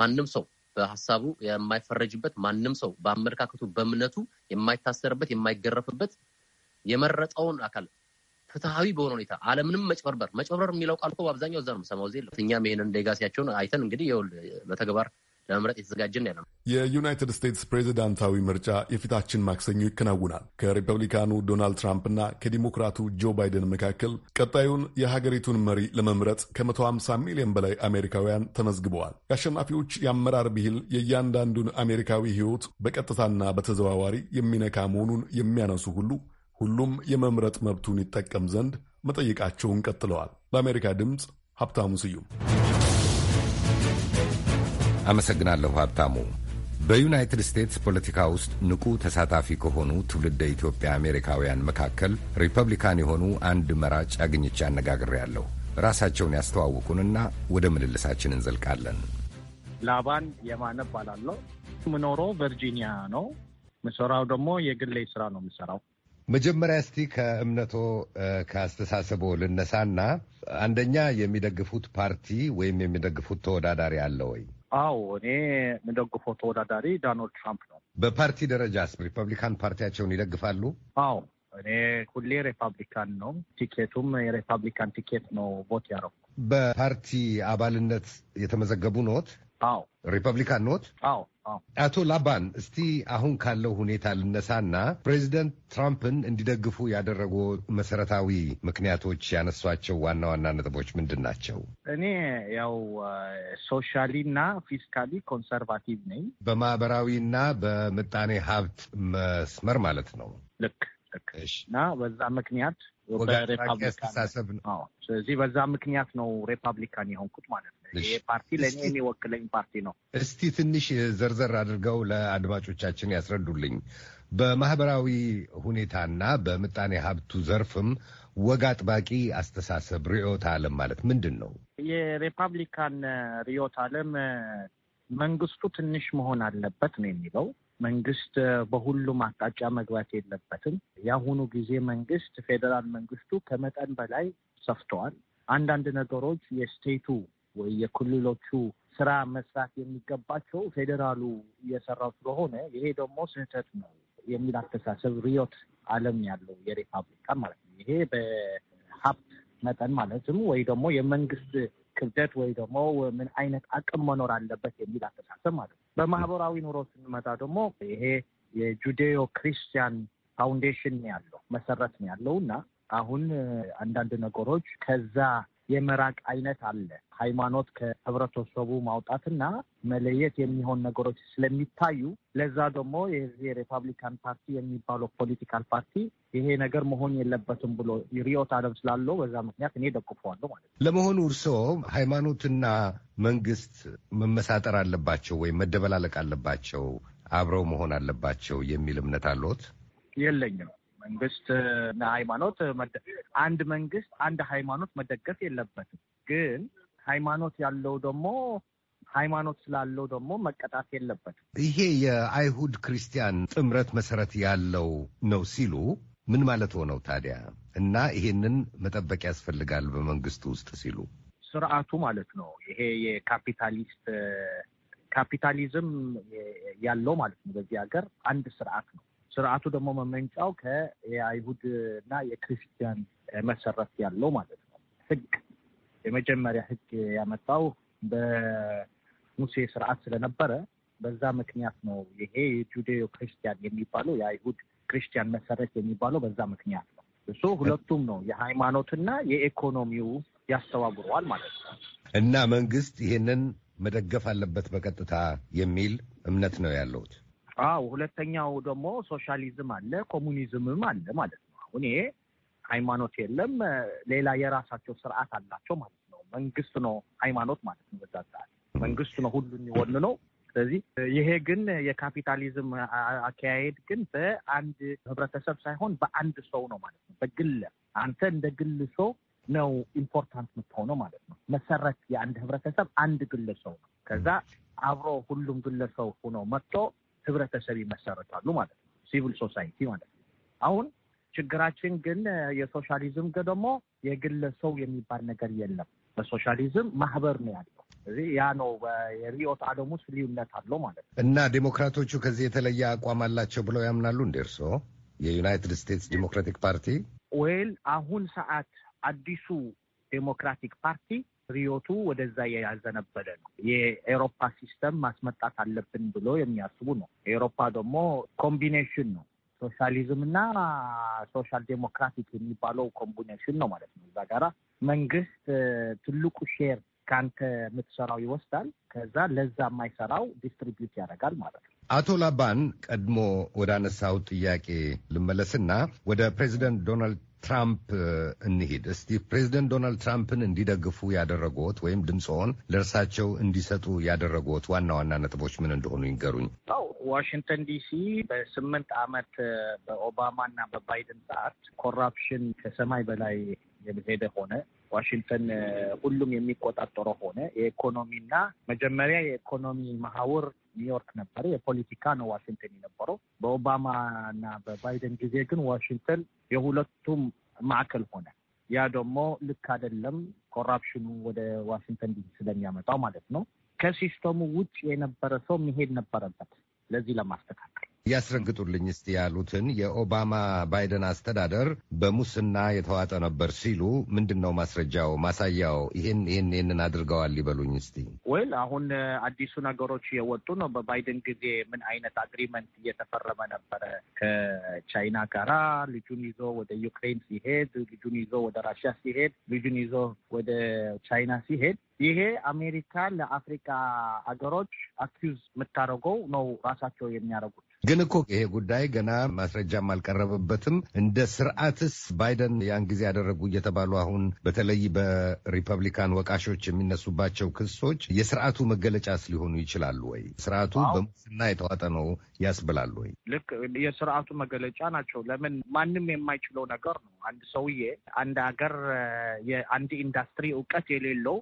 ማንም ሰው በሀሳቡ የማይፈረጅበት ማንም ሰው በአመለካከቱ በእምነቱ የማይታሰርበት የማይገረፍበት የመረጠውን አካል ፍትሐዊ በሆነ ሁኔታ አለምንም መጭበርበር መጭበርበር የሚለው ቃል እኮ በአብዛኛው እዛ ነው የምሰማው። እኛም ይሄንን ሌጋሲያቸውን አይተን እንግዲህ ይኸውልህ በተግባር ለመምረጥ የተዘጋጀን ያለ የዩናይትድ ስቴትስ ፕሬዚዳንታዊ ምርጫ የፊታችን ማክሰኞ ይከናውናል። ከሪፐብሊካኑ ዶናልድ ትራምፕ ና ከዲሞክራቱ ጆ ባይደን መካከል ቀጣዩን የሀገሪቱን መሪ ለመምረጥ ከ150 ሚሊዮን በላይ አሜሪካውያን ተመዝግበዋል። የአሸናፊዎች የአመራር ብሂል የእያንዳንዱን አሜሪካዊ ሕይወት በቀጥታና በተዘዋዋሪ የሚነካ መሆኑን የሚያነሱ ሁሉ ሁሉም የመምረጥ መብቱን ይጠቀም ዘንድ መጠየቃቸውን ቀጥለዋል። ለአሜሪካ ድምፅ ሀብታሙ ስዩም አመሰግናለሁ ሀብታሙ። በዩናይትድ ስቴትስ ፖለቲካ ውስጥ ንቁ ተሳታፊ ከሆኑ ትውልደ ኢትዮጵያ አሜሪካውያን መካከል ሪፐብሊካን የሆኑ አንድ መራጭ አግኝቼ አነጋግሬያለሁ። ራሳቸውን ያስተዋውቁንና ወደ ምልልሳችን እንዘልቃለን። ላባን የማነ እባላለሁ። የምኖረው ቨርጂኒያ ነው። ምሰራው ደግሞ የግሌ ስራ ነው የምሰራው። መጀመሪያ እስቲ ከእምነቶ ከአስተሳሰቦ ልነሳና አንደኛ የሚደግፉት ፓርቲ ወይም የሚደግፉት ተወዳዳሪ አለ ወይ? አዎ እኔ የምደግፈው ተወዳዳሪ ዶናልድ ትራምፕ ነው። በፓርቲ ደረጃስ ሪፐብሊካን ፓርቲያቸውን ይደግፋሉ? አዎ እኔ ሁሌ ሪፐብሊካን ነው። ቲኬቱም የሪፐብሊካን ቲኬት ነው ቮት ያደረኩት። በፓርቲ አባልነት የተመዘገቡ ነት አዎ ሪፐብሊካን ኖት? አዎ። አቶ ላባን እስቲ አሁን ካለው ሁኔታ ልነሳና ፕሬዚደንት ትራምፕን እንዲደግፉ ያደረጉ መሰረታዊ ምክንያቶች ያነሷቸው ዋና ዋና ነጥቦች ምንድን ናቸው? እኔ ያው ሶሻሊና ፊስካሊ ኮንሰርቫቲቭ ነኝ። በማህበራዊና በምጣኔ ሀብት መስመር ማለት ነው። ልክ ልክ። እና በዛ ምክንያት ስለዚህ በዛ ምክንያት ነው ሪፐብሊካን የሆንኩት ማለት ነው። ይሄ ፓርቲ ለእኔ የሚወክለኝ ፓርቲ ነው። እስቲ ትንሽ ዘርዘር አድርገው ለአድማጮቻችን ያስረዱልኝ። በማህበራዊ ሁኔታና በምጣኔ ሀብቱ ዘርፍም ወግ አጥባቂ አስተሳሰብ ርዕዮተ ዓለም ማለት ምንድን ነው? የሪፐብሊካን ርዕዮተ ዓለም መንግስቱ ትንሽ መሆን አለበት ነው የሚለው። መንግስት በሁሉም አቅጣጫ መግባት የለበትም። የአሁኑ ጊዜ መንግስት ፌዴራል መንግስቱ ከመጠን በላይ ሰፍተዋል። አንዳንድ ነገሮች የስቴቱ ወይ የክልሎቹ ስራ መስራት የሚገባቸው ፌዴራሉ እየሰራው ስለሆነ ይሄ ደግሞ ስህተት ነው የሚል አስተሳሰብ ሪዮት አለም ያለው የሪፓብሊካን ማለት ነው። ይሄ በሀብት መጠን ማለትም ወይ ደግሞ የመንግስት ክብደት ወይ ደግሞ ምን አይነት አቅም መኖር አለበት የሚል አስተሳሰብ ማለት ነው። በማህበራዊ ኑሮ ስንመጣ ደግሞ ይሄ የጁዴዮ ክሪስቲያን ፋውንዴሽን ያለው መሰረት ነው ያለው እና አሁን አንዳንድ ነገሮች ከዛ የመራቅ አይነት አለ። ሃይማኖት ከህብረተሰቡ ማውጣትና መለየት የሚሆን ነገሮች ስለሚታዩ ለዛ ደግሞ የዚህ ሪፐብሊካን ፓርቲ የሚባለው ፖለቲካል ፓርቲ ይሄ ነገር መሆን የለበትም ብሎ ሪዮት አለም ስላለው በዛ ምክንያት እኔ ደግፈዋለሁ ማለት ነው። ለመሆኑ እርስዎ ሃይማኖትና መንግስት መመሳጠር አለባቸው ወይም መደበላለቅ አለባቸው፣ አብረው መሆን አለባቸው የሚል እምነት አለዎት? የለኝም። መንግስት ሃይማኖት አንድ መንግስት አንድ ሃይማኖት መደገፍ የለበትም። ግን ሃይማኖት ያለው ደግሞ ሃይማኖት ስላለው ደግሞ መቀጣት የለበትም። ይሄ የአይሁድ ክርስቲያን ጥምረት መሰረት ያለው ነው ሲሉ ምን ማለት ሆነው ታዲያ? እና ይሄንን መጠበቅ ያስፈልጋል በመንግስት ውስጥ ሲሉ ስርዓቱ ማለት ነው። ይሄ የካፒታሊስት ካፒታሊዝም ያለው ማለት ነው። በዚህ ሀገር አንድ ስርዓት ነው። ስርዓቱ ደግሞ መመንጫው ከአይሁድ እና የክርስቲያን መሰረት ያለው ማለት ነው። ህግ የመጀመሪያ ህግ ያመጣው በሙሴ ስርዓት ስለነበረ በዛ ምክንያት ነው። ይሄ የጁዴዮ ክርስቲያን የሚባለው የአይሁድ ክርስቲያን መሰረት የሚባለው በዛ ምክንያት ነው። እሱ ሁለቱም ነው የሃይማኖትና የኢኮኖሚው ያስተባብረዋል ማለት ነው። እና መንግስት ይሄንን መደገፍ አለበት በቀጥታ የሚል እምነት ነው ያለሁት። አዎ ሁለተኛው ደግሞ ሶሻሊዝም አለ፣ ኮሙኒዝምም አለ ማለት ነው። አሁን ይሄ ሃይማኖት የለም፣ ሌላ የራሳቸው ስርዓት አላቸው ማለት ነው። መንግስት ነው ሃይማኖት ማለት ነው። በዛ ሰዓት መንግስት ነው ሁሉ የሚወን ነው። ስለዚህ ይሄ ግን የካፒታሊዝም አካሄድ ግን በአንድ ህብረተሰብ ሳይሆን በአንድ ሰው ነው ማለት ነው። በግል አንተ እንደ ግል ሰው ነው ኢምፖርታንት የምትሆነው ማለት ነው። መሰረት የአንድ ህብረተሰብ አንድ ግለሰው ነው። ከዛ አብሮ ሁሉም ግለሰው ሆኖ መጥቶ ህብረተሰብ ይመሰረታሉ ማለት ነው። ሲቪል ሶሳይቲ ማለት ነው። አሁን ችግራችን ግን የሶሻሊዝም ደግሞ የግለሰው የሚባል ነገር የለም። በሶሻሊዝም ማህበር ነው ያለው። ስለዚህ ያ ነው የሪዮት አለም ውስጥ ልዩነት አለው ማለት ነው። እና ዴሞክራቶቹ ከዚህ የተለየ አቋም አላቸው ብለው ያምናሉ? እንደ እርስዎ የዩናይትድ ስቴትስ ዴሞክራቲክ ፓርቲ ወይል አሁን ሰዓት አዲሱ ዴሞክራቲክ ፓርቲ ሪዮቱ ወደዛ ያዘነበለ ነው። የኤሮፓ ሲስተም ማስመጣት አለብን ብሎ የሚያስቡ ነው። ኤሮፓ ደግሞ ኮምቢኔሽን ነው ሶሻሊዝም እና ሶሻል ዴሞክራቲክ የሚባለው ኮምቢኔሽን ነው ማለት ነው። እዛ ጋራ መንግስት ትልቁ ሼር ከአንተ የምትሰራው ይወስዳል። ከዛ ለዛ የማይሰራው ዲስትሪቢዩት ያደርጋል ማለት ነው። አቶ ላባን ቀድሞ ወደ አነሳው ጥያቄ ልመለስና ወደ ፕሬዚደንት ዶናልድ ትራምፕ እንሂድ እስቲ። ፕሬዚደንት ዶናልድ ትራምፕን እንዲደግፉ ያደረጉት ወይም ድምፅዎን ለእርሳቸው እንዲሰጡ ያደረጉት ዋና ዋና ነጥቦች ምን እንደሆኑ ይንገሩኝ። አው ዋሽንግተን ዲሲ በስምንት ዓመት በኦባማና በባይደን ሰዓት ኮራፕሽን ከሰማይ በላይ የሄደ ሆነ ዋሽንግተን ሁሉም የሚቆጣጠረው ሆነ። የኢኮኖሚና መጀመሪያ የኢኮኖሚ ማህውር ኒውዮርክ ነበረ። የፖለቲካ ነው ዋሽንግተን የነበረው። በኦባማና በባይደን ጊዜ ግን ዋሽንግተን የሁለቱም ማዕከል ሆነ። ያ ደግሞ ልክ አይደለም። ኮራፕሽኑ ወደ ዋሽንግተን ዲሲ ስለሚያመጣው ማለት ነው። ከሲስተሙ ውጭ የነበረ ሰው መሄድ ነበረበት ለዚህ ለማስተካከል ያስረግጡልኝ እስቲ ያሉትን የኦባማ ባይደን አስተዳደር በሙስና የተዋጠ ነበር ሲሉ ምንድን ነው ማስረጃው ማሳያው? ይህን ይህን ይህንን አድርገዋል ይበሉኝ እስቲ። ወይል አሁን አዲሱ ነገሮች የወጡ ነው። በባይደን ጊዜ ምን አይነት አግሪመንት እየተፈረመ ነበረ ከቻይና ጋራ ልጁን ይዞ ወደ ዩክሬን ሲሄድ፣ ልጁን ይዞ ወደ ራሽያ ሲሄድ፣ ልጁን ይዞ ወደ ቻይና ሲሄድ ይሄ አሜሪካ ለአፍሪካ ሀገሮች አኪዝ የምታደርገው ነው ራሳቸው የሚያደርጉት ግን እኮ ይሄ ጉዳይ ገና ማስረጃም አልቀረበበትም። እንደ ስርዓትስ ባይደን ያን ጊዜ ያደረጉ እየተባሉ አሁን በተለይ በሪፐብሊካን ወቃሾች የሚነሱባቸው ክሶች የስርዓቱ መገለጫስ ሊሆኑ ይችላሉ ወይ? ስርዓቱ በሙስና የተዋጠ ነው ያስብላሉ ወይ? ልክ የስርዓቱ መገለጫ ናቸው። ለምን ማንም የማይችለው ነገር ነው። አንድ ሰውዬ አንድ ሀገር የአንድ ኢንዱስትሪ እውቀት የሌለው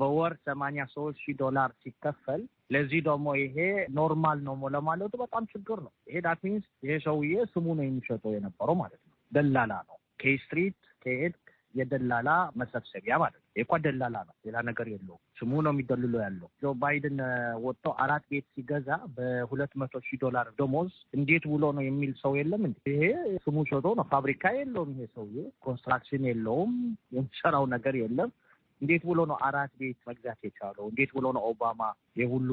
በወር ሰማንያ ሶስት ሺህ ዶላር ሲከፈል ለዚህ ደግሞ ይሄ ኖርማል ነው ለማለቱ በጣም ችግር ነው። ይሄ ዳት ሚንስ ይሄ ሰውዬ ስሙ ነው የሚሸጠው የነበረው ማለት ነው። ደላላ ነው። ኬይ ስትሪት ከሄድ የደላላ መሰብሰቢያ ማለት ነው። የኳ ደላላ ነው፣ ሌላ ነገር የለውም። ስሙ ነው የሚደልሎ ያለው። ጆ ባይደን ወጥቶ አራት ቤት ሲገዛ በሁለት መቶ ሺህ ዶላር ደሞዝ እንዴት ውሎ ነው የሚል ሰው የለም። እንዲ ይሄ ስሙ ሸጦ ነው። ፋብሪካ የለውም ይሄ ሰውዬ፣ ኮንስትራክሽን የለውም፣ የሚሰራው ነገር የለም። እንዴት ብሎ ነው አራት ቤት መግዛት የቻለው? እንዴት ብሎ ነው ኦባማ የሁሉ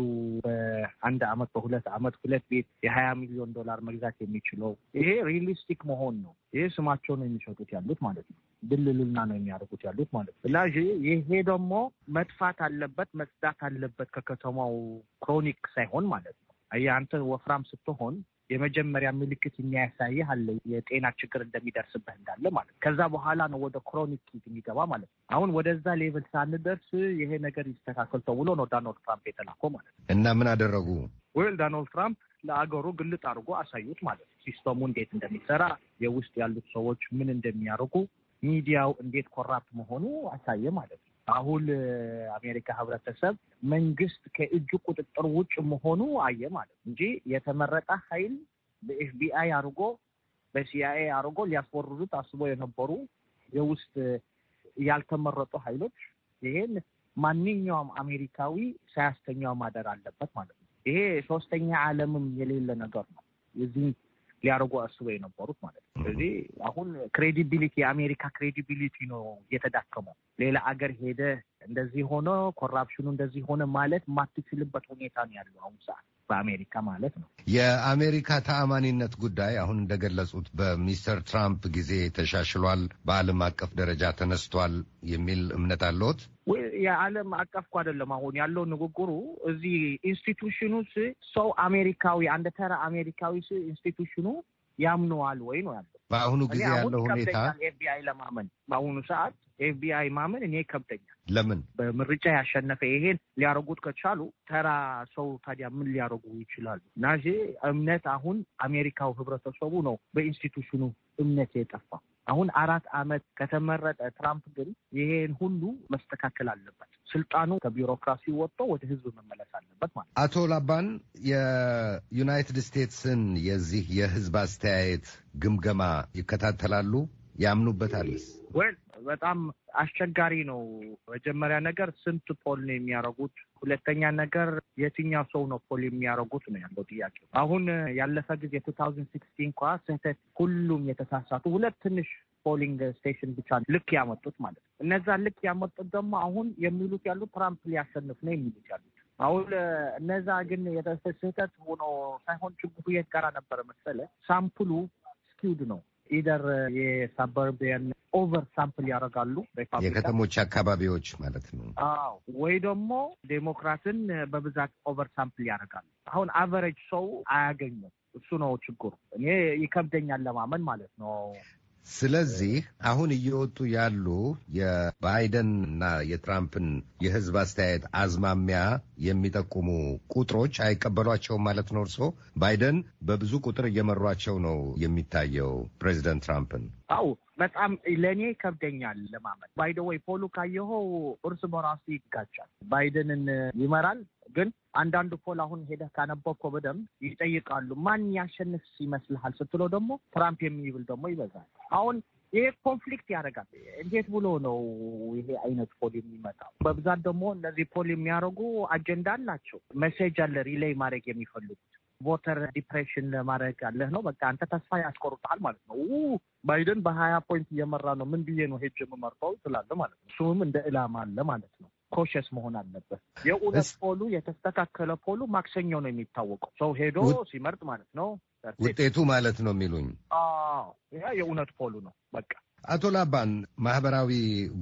በአንድ አመት በሁለት አመት ሁለት ቤት የሀያ ሚሊዮን ዶላር መግዛት የሚችለው? ይሄ ሪሊስቲክ መሆን ነው። ይሄ ስማቸው ነው የሚሸጡት ያሉት ማለት ነው። ድልልና ነው የሚያደርጉት ያሉት ማለት ነው። እና ይሄ ደግሞ መጥፋት አለበት፣ መጽዳት አለበት ከከተማው ክሮኒክ ሳይሆን ማለት ነው። አየህ አንተ ወፍራም ስትሆን የመጀመሪያ ምልክት የሚያሳይህ አለ የጤና ችግር እንደሚደርስበት እንዳለ ማለት ነው። ከዛ በኋላ ነው ወደ ክሮኒክ የሚገባ ማለት ነው። አሁን ወደዛ ሌቭል ሳንደርስ ይሄ ነገር ይስተካከል ተብሎ ነው ዳናልድ ትራምፕ የተላኮ ማለት ነው። እና ምን አደረጉ? ወይል ዳናልድ ትራምፕ ለአገሩ ግልጥ አድርጎ አሳዩት ማለት ነው። ሲስተሙ እንዴት እንደሚሰራ የውስጥ ያሉት ሰዎች ምን እንደሚያደርጉ ሚዲያው እንዴት ኮራፕት መሆኑ አሳየ ማለት ነው። አሁን አሜሪካ ህብረተሰብ መንግስት ከእጁ ቁጥጥር ውጭ መሆኑ አየ ማለት እንጂ የተመረጠ ኃይል በኤፍቢአይ አድርጎ በሲአይኤ አድርጎ ሊያስወርዱት አስቦ የነበሩ የውስጥ ያልተመረጡ ኃይሎች ይሄን ማንኛውም አሜሪካዊ ሳያስተኛው ማደር አለበት ማለት ነው። ይሄ ሶስተኛ ዓለምም የሌለ ነገር ነው። የዚህ ሊያደርጉ አስበው የነበሩት ማለት ነው። ስለዚህ አሁን ክሬዲቢሊቲ የአሜሪካ ክሬዲቢሊቲ ነው እየተዳከመው። ሌላ አገር ሄደ እንደዚህ ሆነ ኮራፕሽኑ እንደዚህ ሆነ ማለት ማትችልበት ሁኔታ ነው ያለው አሁን ሰዓት በአሜሪካ ማለት ነው። የአሜሪካ ተአማኒነት ጉዳይ አሁን እንደገለጹት በሚስተር ትራምፕ ጊዜ ተሻሽሏል፣ በዓለም አቀፍ ደረጃ ተነስቷል የሚል እምነት አለዎት? የዓለም አቀፍ እኮ አይደለም አሁን ያለው ንግግሩ። እዚህ ኢንስቲቱሽኑ ሰው አሜሪካዊ አንድ ተራ አሜሪካዊ ኢንስቲቱሽኑ ያምነዋል ወይ ነው ያለው በአሁኑ ጊዜ ያለው ሁኔታ ኤፍቢአይ ለማመን በአሁኑ ሰዓት ኤፍቢአይ ማመን እኔ ይከብደኛል። ለምን በምርጫ ያሸነፈ ይሄን ሊያደርጉት ከቻሉ ተራ ሰው ታዲያ ምን ሊያደርጉ ይችላሉ? እና እምነት አሁን አሜሪካው ህብረተሰቡ ነው በኢንስቲቱሽኑ እምነት የጠፋ አሁን አራት ዓመት ከተመረጠ ትራምፕ ግን ይሄን ሁሉ መስተካከል አለበት። ስልጣኑ ከቢሮክራሲ ወጥቶ ወደ ህዝብ መመለስ አለበት ማለት። አቶ ላባን የዩናይትድ ስቴትስን የዚህ የህዝብ አስተያየት ግምገማ ይከታተላሉ? ያምኑበታልስ? በጣም አስቸጋሪ ነው። መጀመሪያ ነገር ስንት ፖል ነው የሚያደርጉት? ሁለተኛ ነገር የትኛው ሰው ነው ፖል የሚያደርጉት ነው ያለው ጥያቄ። አሁን ያለፈ ጊዜ ቱ ታውዝንድ ሲክስቲን እንኳ ስህተት ሁሉም የተሳሳቱ ሁለት ትንሽ ፖሊንግ ስቴሽን ብቻ ልክ ያመጡት ማለት ነው። እነዛ ልክ ያመጡት ደግሞ አሁን የሚሉት ያሉት ትራምፕ ሊያሸንፍ ነው የሚሉት ያሉት አሁን እነዛ ግን ስህተት ሆኖ ሳይሆን ችግሩ የት ጋራ ነበረ መሰለ ሳምፕሉ ስኪውድ ነው ኢደር የሳበርቢያን ኦቨር ሳምፕል ያደርጋሉ የከተሞች አካባቢዎች ማለት ነው። አዎ ወይ ደግሞ ዴሞክራትን በብዛት ኦቨር ሳምፕል ያደርጋሉ። አሁን አቨሬጅ ሰው አያገኝም። እሱ ነው ችግሩ። እኔ ይከብደኛል ለማመን ማለት ነው። ስለዚህ አሁን እየወጡ ያሉ የባይደን እና የትራምፕን የህዝብ አስተያየት አዝማሚያ የሚጠቁሙ ቁጥሮች አይቀበሏቸውም ማለት ነው። እርስዎ ባይደን በብዙ ቁጥር እየመሯቸው ነው የሚታየው ፕሬዚደንት ትራምፕን። አዎ በጣም ለእኔ ከብደኛል ለማመን ባይደወይ ፖሉ ካየኸው እርስ በራሱ ይጋጫል። ባይደንን ይመራል ግን አንዳንዱ ፖል አሁን ሄደህ ካነበብከው በደንብ ይጠይቃሉ። ማን ያሸንፍ ይመስልሃል ስትለው ደግሞ ትራምፕ የሚብል ደግሞ ይበዛል። አሁን ይሄ ኮንፍሊክት ያደርጋል። እንዴት ብሎ ነው ይሄ አይነት ፖል የሚመጣው? በብዛት ደግሞ እነዚህ ፖል የሚያደርጉ አጀንዳ አላቸው። መሴጅ አለ ሪሌይ ማድረግ የሚፈልጉት ቮተር ዲፕሬሽን ለማድረግ አለህ ነው። በቃ አንተ ተስፋ ያስቆርጣል ማለት ነው። ባይደን በሀያ ፖይንት እየመራ ነው፣ ምን ብዬ ነው ሄጅ የምመርጠው ትላለህ ማለት ነው። እሱም እንደ ዕላማ አለ ማለት ነው። ኮሸስ መሆን አለበት። የእውነት ፖሉ የተስተካከለ ፖሉ ማክሰኞ ነው የሚታወቀው። ሰው ሄዶ ሲመርጥ ማለት ነው ውጤቱ ማለት ነው የሚሉኝ። ይሄ የእውነት ፖሉ ነው በቃ። አቶ ላባን ማህበራዊ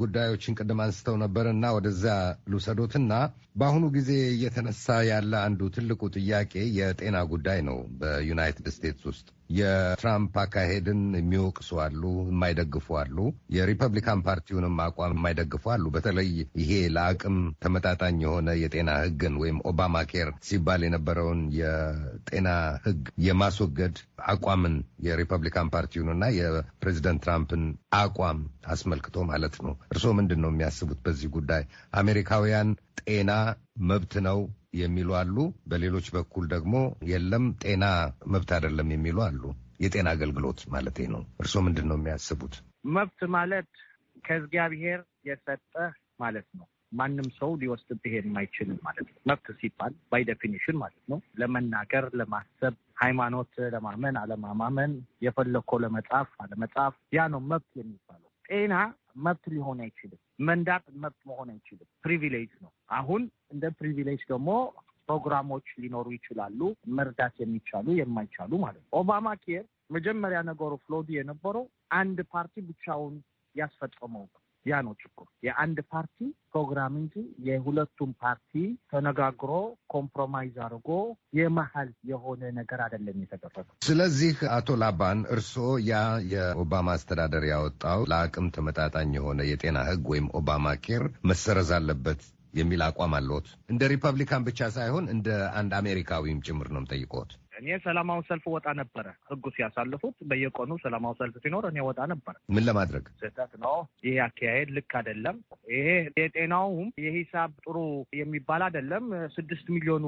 ጉዳዮችን ቅድም አንስተው ነበርና ወደዚያ ልውሰዶትና በአሁኑ ጊዜ እየተነሳ ያለ አንዱ ትልቁ ጥያቄ የጤና ጉዳይ ነው በዩናይትድ ስቴትስ ውስጥ የትራምፕ አካሄድን የሚወቅሱ አሉ፣ የማይደግፉ አሉ። የሪፐብሊካን ፓርቲውንም አቋም የማይደግፉ አሉ። በተለይ ይሄ ለአቅም ተመጣጣኝ የሆነ የጤና ሕግን ወይም ኦባማ ኬር ሲባል የነበረውን የጤና ሕግ የማስወገድ አቋምን የሪፐብሊካን ፓርቲውንና የፕሬዚደንት ትራምፕን አቋም አስመልክቶ ማለት ነው። እርስዎ ምንድን ነው የሚያስቡት በዚህ ጉዳይ? አሜሪካውያን ጤና መብት ነው የሚሉ አሉ። በሌሎች በኩል ደግሞ የለም ጤና መብት አይደለም የሚሉ አሉ። የጤና አገልግሎት ማለት ነው። እርስዎ ምንድን ነው የሚያስቡት? መብት ማለት ከእግዚአብሔር የሰጠ ማለት ነው። ማንም ሰው ሊወስድብህ የማይችልም ማለት ነው። መብት ሲባል ባይ ዴፊኒሽን ማለት ነው ለመናገር፣ ለማሰብ፣ ሃይማኖት ለማመን አለማማመን፣ የፈለኮ ለመጻፍ አለመጻፍ ያ ነው መብት የሚባለው። ጤና መብት ሊሆን አይችልም። መንዳት መብት መሆን አይችልም። ፕሪቪሌጅ ነው። አሁን እንደ ፕሪቪሌጅ ደግሞ ፕሮግራሞች ሊኖሩ ይችላሉ፣ መርዳት የሚቻሉ የማይቻሉ ማለት ነው። ኦባማ ኬር መጀመሪያ ነገሩ ፍሎዲ የነበረው አንድ ፓርቲ ብቻውን ያስፈጸመው ያ ነው ችግሩ። የአንድ ፓርቲ ፕሮግራም እንጂ የሁለቱም ፓርቲ ተነጋግሮ ኮምፕሮማይዝ አድርጎ የመሀል የሆነ ነገር አይደለም የተደረገ። ስለዚህ አቶ ላባን እርስዎ ያ የኦባማ አስተዳደር ያወጣው ለአቅም ተመጣጣኝ የሆነ የጤና ህግ ወይም ኦባማ ኬር መሰረዝ አለበት የሚል አቋም አለዎት? እንደ ሪፐብሊካን ብቻ ሳይሆን እንደ አንድ አሜሪካዊም ጭምር ነው የምጠይቅዎት። እኔ ሰላማዊ ሰልፍ ወጣ ነበረ። ህጉ ሲያሳልፉት በየቀኑ ሰላማዊ ሰልፍ ሲኖር እኔ ወጣ ነበረ። ምን ለማድረግ ስህተት ነው ይሄ አካሄድ ልክ አይደለም። ይሄ የጤናውም የሂሳብ ጥሩ የሚባል አይደለም። ስድስት ሚሊዮኑ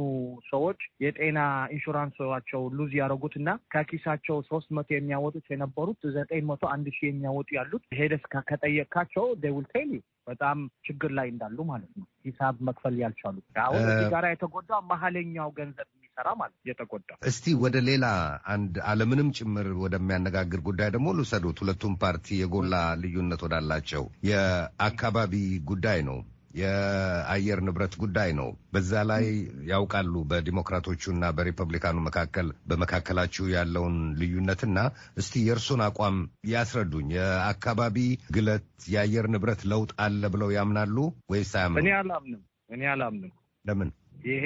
ሰዎች የጤና ኢንሹራንሳቸው ሉዝ ያደረጉት እና ከኪሳቸው ሶስት መቶ የሚያወጡት የነበሩት ዘጠኝ መቶ አንድ ሺህ የሚያወጡ ያሉት ሄደስ ከጠየቅካቸው ደውል ቴል በጣም ችግር ላይ እንዳሉ ማለት ነው። ሂሳብ መክፈል ያልቻሉ አሁን እዚህ ጋር የተጎዳ መሀለኛው ገንዘብ ሳይሰራ ማለት የተጎዳ። እስቲ ወደ ሌላ አንድ አለምንም ጭምር ወደሚያነጋግር ጉዳይ ደግሞ ልውሰዱት። ሁለቱም ፓርቲ የጎላ ልዩነት ወዳላቸው የአካባቢ ጉዳይ ነው የአየር ንብረት ጉዳይ ነው። በዛ ላይ ያውቃሉ በዲሞክራቶቹ እና በሪፐብሊካኑ መካከል በመካከላችሁ ያለውን ልዩነትና እስቲ የእርሱን አቋም ያስረዱኝ። የአካባቢ ግለት፣ የአየር ንብረት ለውጥ አለ ብለው ያምናሉ ወይስ አያምኑ? እኔ አላምንም። እኔ አላምንም። ለምን? ይሄ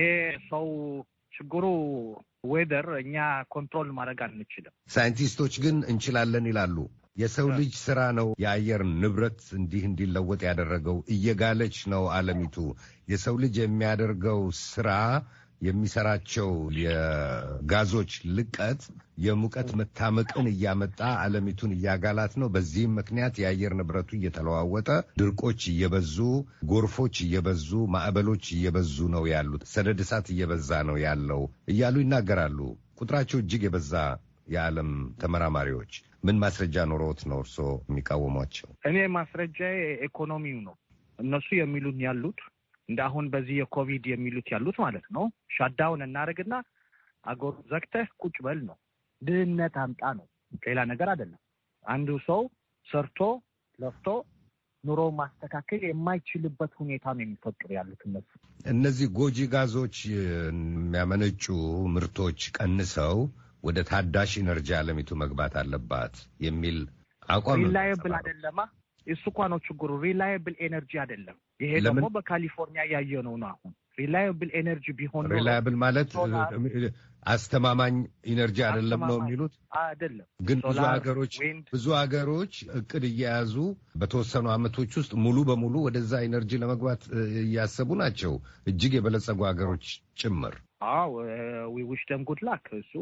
ሰው ችግሩ ዌደር እኛ ኮንትሮል ማድረግ አንችልም። ሳይንቲስቶች ግን እንችላለን ይላሉ። የሰው ልጅ ስራ ነው የአየር ንብረት እንዲህ እንዲለወጥ ያደረገው። እየጋለች ነው አለሚቱ። የሰው ልጅ የሚያደርገው ስራ የሚሰራቸው የጋዞች ልቀት የሙቀት መታመቅን እያመጣ አለሚቱን እያጋላት ነው። በዚህም ምክንያት የአየር ንብረቱ እየተለዋወጠ ድርቆች እየበዙ፣ ጎርፎች እየበዙ፣ ማዕበሎች እየበዙ ነው ያሉት። ሰደድ እሳት እየበዛ ነው ያለው እያሉ ይናገራሉ። ቁጥራቸው እጅግ የበዛ የዓለም ተመራማሪዎች ምን ማስረጃ ኖሮት ነው እርስዎ የሚቃወሟቸው? እኔ ማስረጃ ኢኮኖሚው ነው። እነሱ የሚሉን ያሉት እንደ አሁን በዚህ የኮቪድ የሚሉት ያሉት ማለት ነው። ሻዳውን እናደርግና አገሩ ዘግተህ ቁጭ በል ነው። ድህነት አምጣ ነው፣ ሌላ ነገር አይደለም። አንዱ ሰው ሰርቶ ለፍቶ ኑሮ ማስተካከል የማይችልበት ሁኔታ ነው የሚፈጥሩ ያሉት እነሱ። እነዚህ ጎጂ ጋዞች የሚያመነጩ ምርቶች ቀንሰው ወደ ታዳሽ ኢነርጂ አለሚቱ መግባት አለባት የሚል አቋም ሪላየብል አይደለማ እሱ እኳ ነው ችግሩ። ሪላየብል ኤነርጂ አይደለም። ይሄ ደግሞ በካሊፎርኒያ ያየ ነው ነው አሁን ሪላየብል ኤነርጂ ቢሆን ሪላየብል ማለት አስተማማኝ ኢነርጂ አይደለም ነው የሚሉት። አይደለም ግን ብዙ ሀገሮች ብዙ ሀገሮች እቅድ እየያዙ በተወሰኑ አመቶች ውስጥ ሙሉ በሙሉ ወደዛ ኢነርጂ ለመግባት እያሰቡ ናቸው፣ እጅግ የበለጸጉ ሀገሮች ጭምር። አዎ ዊ ዊሽ ደም ጉድ ላክ። እሱ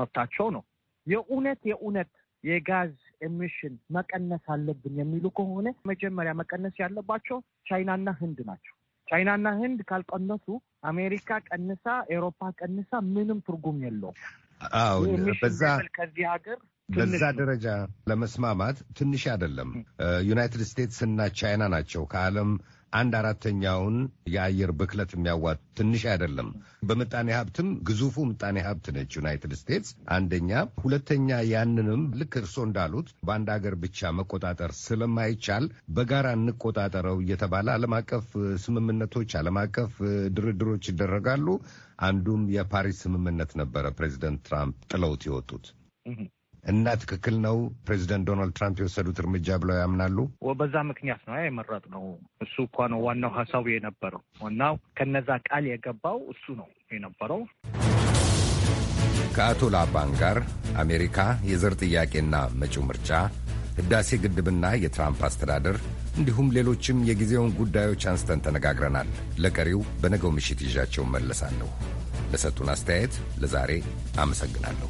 መብታቸው ነው። የእውነት የእውነት የጋዝ ኤሚሽን መቀነስ አለብን የሚሉ ከሆነ መጀመሪያ መቀነስ ያለባቸው ቻይናና ህንድ ናቸው። ቻይናና ህንድ ካልቀነሱ አሜሪካ ቀንሳ፣ ኤሮፓ ቀንሳ ምንም ትርጉም የለውም። በዛ ከዚህ ሀገር በዛ ደረጃ ለመስማማት ትንሽ አይደለም። ዩናይትድ ስቴትስ እና ቻይና ናቸው ከዓለም አንድ አራተኛውን የአየር ብክለት የሚያዋት ትንሽ አይደለም። በምጣኔ ሀብትም ግዙፉ ምጣኔ ሀብት ነች ዩናይትድ ስቴትስ አንደኛ። ሁለተኛ ያንንም ልክ እርስዎ እንዳሉት በአንድ ሀገር ብቻ መቆጣጠር ስለማይቻል በጋራ እንቆጣጠረው እየተባለ ዓለም አቀፍ ስምምነቶች፣ ዓለም አቀፍ ድርድሮች ይደረጋሉ። አንዱም የፓሪስ ስምምነት ነበረ ፕሬዚደንት ትራምፕ ጥለውት የወጡት እና ትክክል ነው ፕሬዚደንት ዶናልድ ትራምፕ የወሰዱት እርምጃ ብለው ያምናሉ። በዛ ምክንያት ነው የመረጥ ነው። እሱ እኳ ነው ዋናው ሀሳቡ የነበረው። ዋናው ከነዛ ቃል የገባው እሱ ነው የነበረው። ከአቶ ላባን ጋር አሜሪካ የዘር ጥያቄና መጪው ምርጫ፣ ህዳሴ ግድብና የትራምፕ አስተዳደር እንዲሁም ሌሎችም የጊዜውን ጉዳዮች አንስተን ተነጋግረናል። ለቀሪው በነገው ምሽት ይዣቸውን መለሳለሁ። ለሰጡን አስተያየት ለዛሬ አመሰግናለሁ።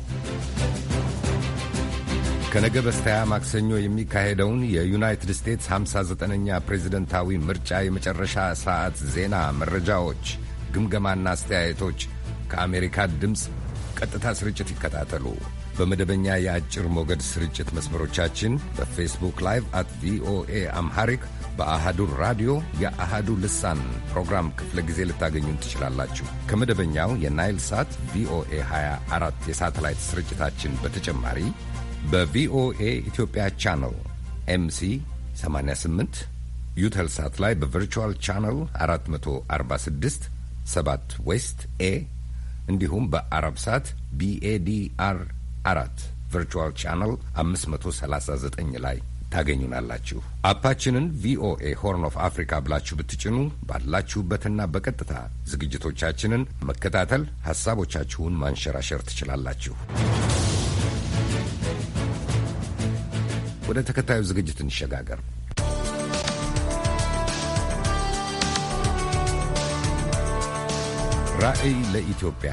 ከነገ በስተያ ማክሰኞ የሚካሄደውን የዩናይትድ ስቴትስ 59ኛ ፕሬዝደንታዊ ምርጫ የመጨረሻ ሰዓት ዜና፣ መረጃዎች፣ ግምገማና አስተያየቶች ከአሜሪካ ድምፅ ቀጥታ ስርጭት ይከታተሉ። በመደበኛ የአጭር ሞገድ ስርጭት መስመሮቻችን በፌስቡክ ላይቭ አት ቪኦኤ አምሃሪክ በአሃዱ ራዲዮ የአሃዱ ልሳን ፕሮግራም ክፍለ ጊዜ ልታገኙን ትችላላችሁ። ከመደበኛው የናይል ሳት ቪኦኤ 24 የሳተላይት ስርጭታችን በተጨማሪ በቪኦኤ ኢትዮጵያ ቻነል ኤምሲ 88 ዩተልሳት ላይ በቨርቹዋል ቻነል 446 7 ዌስት ኤ እንዲሁም በአረብ ሳት ቢኤዲአር 4 ቨርቹዋል ቻነል 539 ላይ ታገኙናላችሁ። አፓችንን ቪኦኤ ሆርን ኦፍ አፍሪካ ብላችሁ ብትጭኑ ባላችሁበትና በቀጥታ ዝግጅቶቻችንን መከታተል፣ ሐሳቦቻችሁን ማንሸራሸር ትችላላችሁ። ወደ ተከታዩ ዝግጅት እንሸጋገር። ራዕይ ለኢትዮጵያ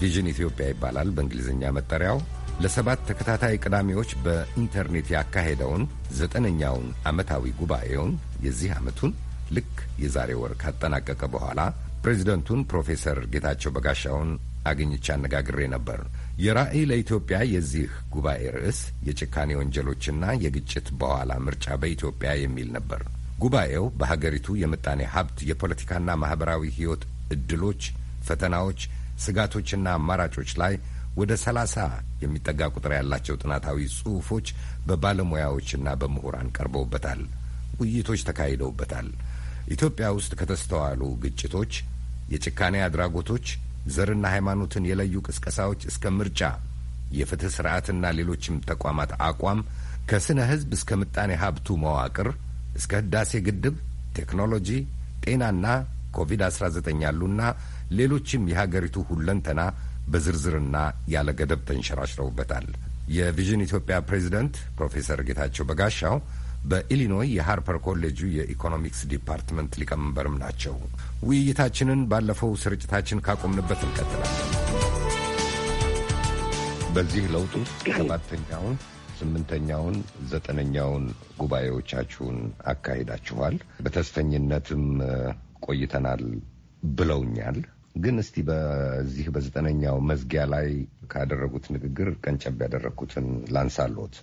ቪዥን ኢትዮጵያ ይባላል በእንግሊዝኛ መጠሪያው። ለሰባት ተከታታይ ቅዳሜዎች በኢንተርኔት ያካሄደውን ዘጠነኛውን ዓመታዊ ጉባኤውን የዚህ ዓመቱን ልክ የዛሬ ወር ካጠናቀቀ በኋላ ፕሬዚደንቱን ፕሮፌሰር ጌታቸው በጋሻውን አግኝቼ አነጋግሬ ነበር። የራዕይ ለኢትዮጵያ የዚህ ጉባኤ ርዕስ የጭካኔ ወንጀሎችና የግጭት በኋላ ምርጫ በኢትዮጵያ የሚል ነበር። ጉባኤው በሀገሪቱ የምጣኔ ሀብት የፖለቲካና ማህበራዊ ሕይወት እድሎች፣ ፈተናዎች፣ ስጋቶችና አማራጮች ላይ ወደ ሰላሳ የሚጠጋ ቁጥር ያላቸው ጥናታዊ ጽሑፎች በባለሙያዎችና በምሁራን ቀርበውበታል። ውይይቶች ተካሂደውበታል። ኢትዮጵያ ውስጥ ከተስተዋሉ ግጭቶች፣ የጭካኔ አድራጎቶች ዘርና ሃይማኖትን የለዩ ቅስቀሳዎች እስከ ምርጫ፣ የፍትህ ስርዓትና ሌሎችም ተቋማት አቋም ከስነ ህዝብ እስከ ምጣኔ ሀብቱ መዋቅር እስከ ህዳሴ ግድብ፣ ቴክኖሎጂ፣ ጤናና ኮቪድ-19 ያሉና ሌሎችም የሀገሪቱ ሁለንተና በዝርዝርና ያለ ገደብ ተንሸራሽረውበታል። የቪዥን ኢትዮጵያ ፕሬዚደንት ፕሮፌሰር ጌታቸው በጋሻው በኢሊኖይ የሃርፐር ኮሌጁ የኢኮኖሚክስ ዲፓርትመንት ሊቀመንበርም ናቸው። ውይይታችንን ባለፈው ስርጭታችን ካቆምንበት እንቀጥላለን። በዚህ ለውጡ ሰባተኛውን፣ ስምንተኛውን፣ ዘጠነኛውን ጉባኤዎቻችሁን አካሂዳችኋል። በተስፈኝነትም ቆይተናል ብለውኛል። ግን እስቲ በዚህ በዘጠነኛው መዝጊያ ላይ ካደረጉት ንግግር ቀንጨብ ያደረግኩትን ላንሳሎት።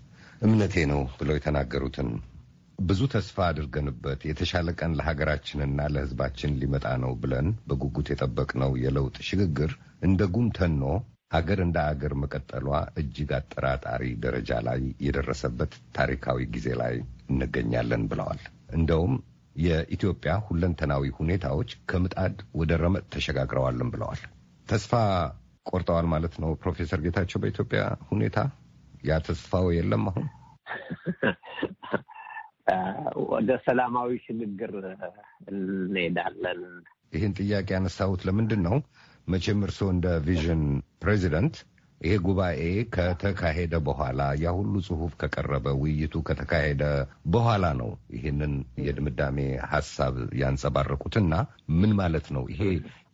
እምነቴ ነው ብለው የተናገሩትን ብዙ ተስፋ አድርገንበት የተሻለ ቀን ለሀገራችንና ለሕዝባችን ሊመጣ ነው ብለን በጉጉት የጠበቅነው የለውጥ ሽግግር እንደ ጉም ተኖ ሀገር እንደ አገር መቀጠሏ እጅግ አጠራጣሪ ደረጃ ላይ የደረሰበት ታሪካዊ ጊዜ ላይ እንገኛለን ብለዋል። እንደውም የኢትዮጵያ ሁለንተናዊ ሁኔታዎች ከምጣድ ወደ ረመጥ ተሸጋግረዋልን ብለዋል። ተስፋ ቆርጠዋል ማለት ነው ፕሮፌሰር ጌታቸው በኢትዮጵያ ሁኔታ ያ ተስፋው የለም። አሁን ወደ ሰላማዊ ሽግግር እንሄዳለን። ይህን ጥያቄ ያነሳሁት ለምንድን ነው? መቼም እርስዎ እንደ ቪዥን ፕሬዚደንት ይሄ ጉባኤ ከተካሄደ በኋላ ያ ሁሉ ጽሁፍ ከቀረበ ውይይቱ ከተካሄደ በኋላ ነው ይህንን የድምዳሜ ሀሳብ ያንጸባረቁትና ምን ማለት ነው ይሄ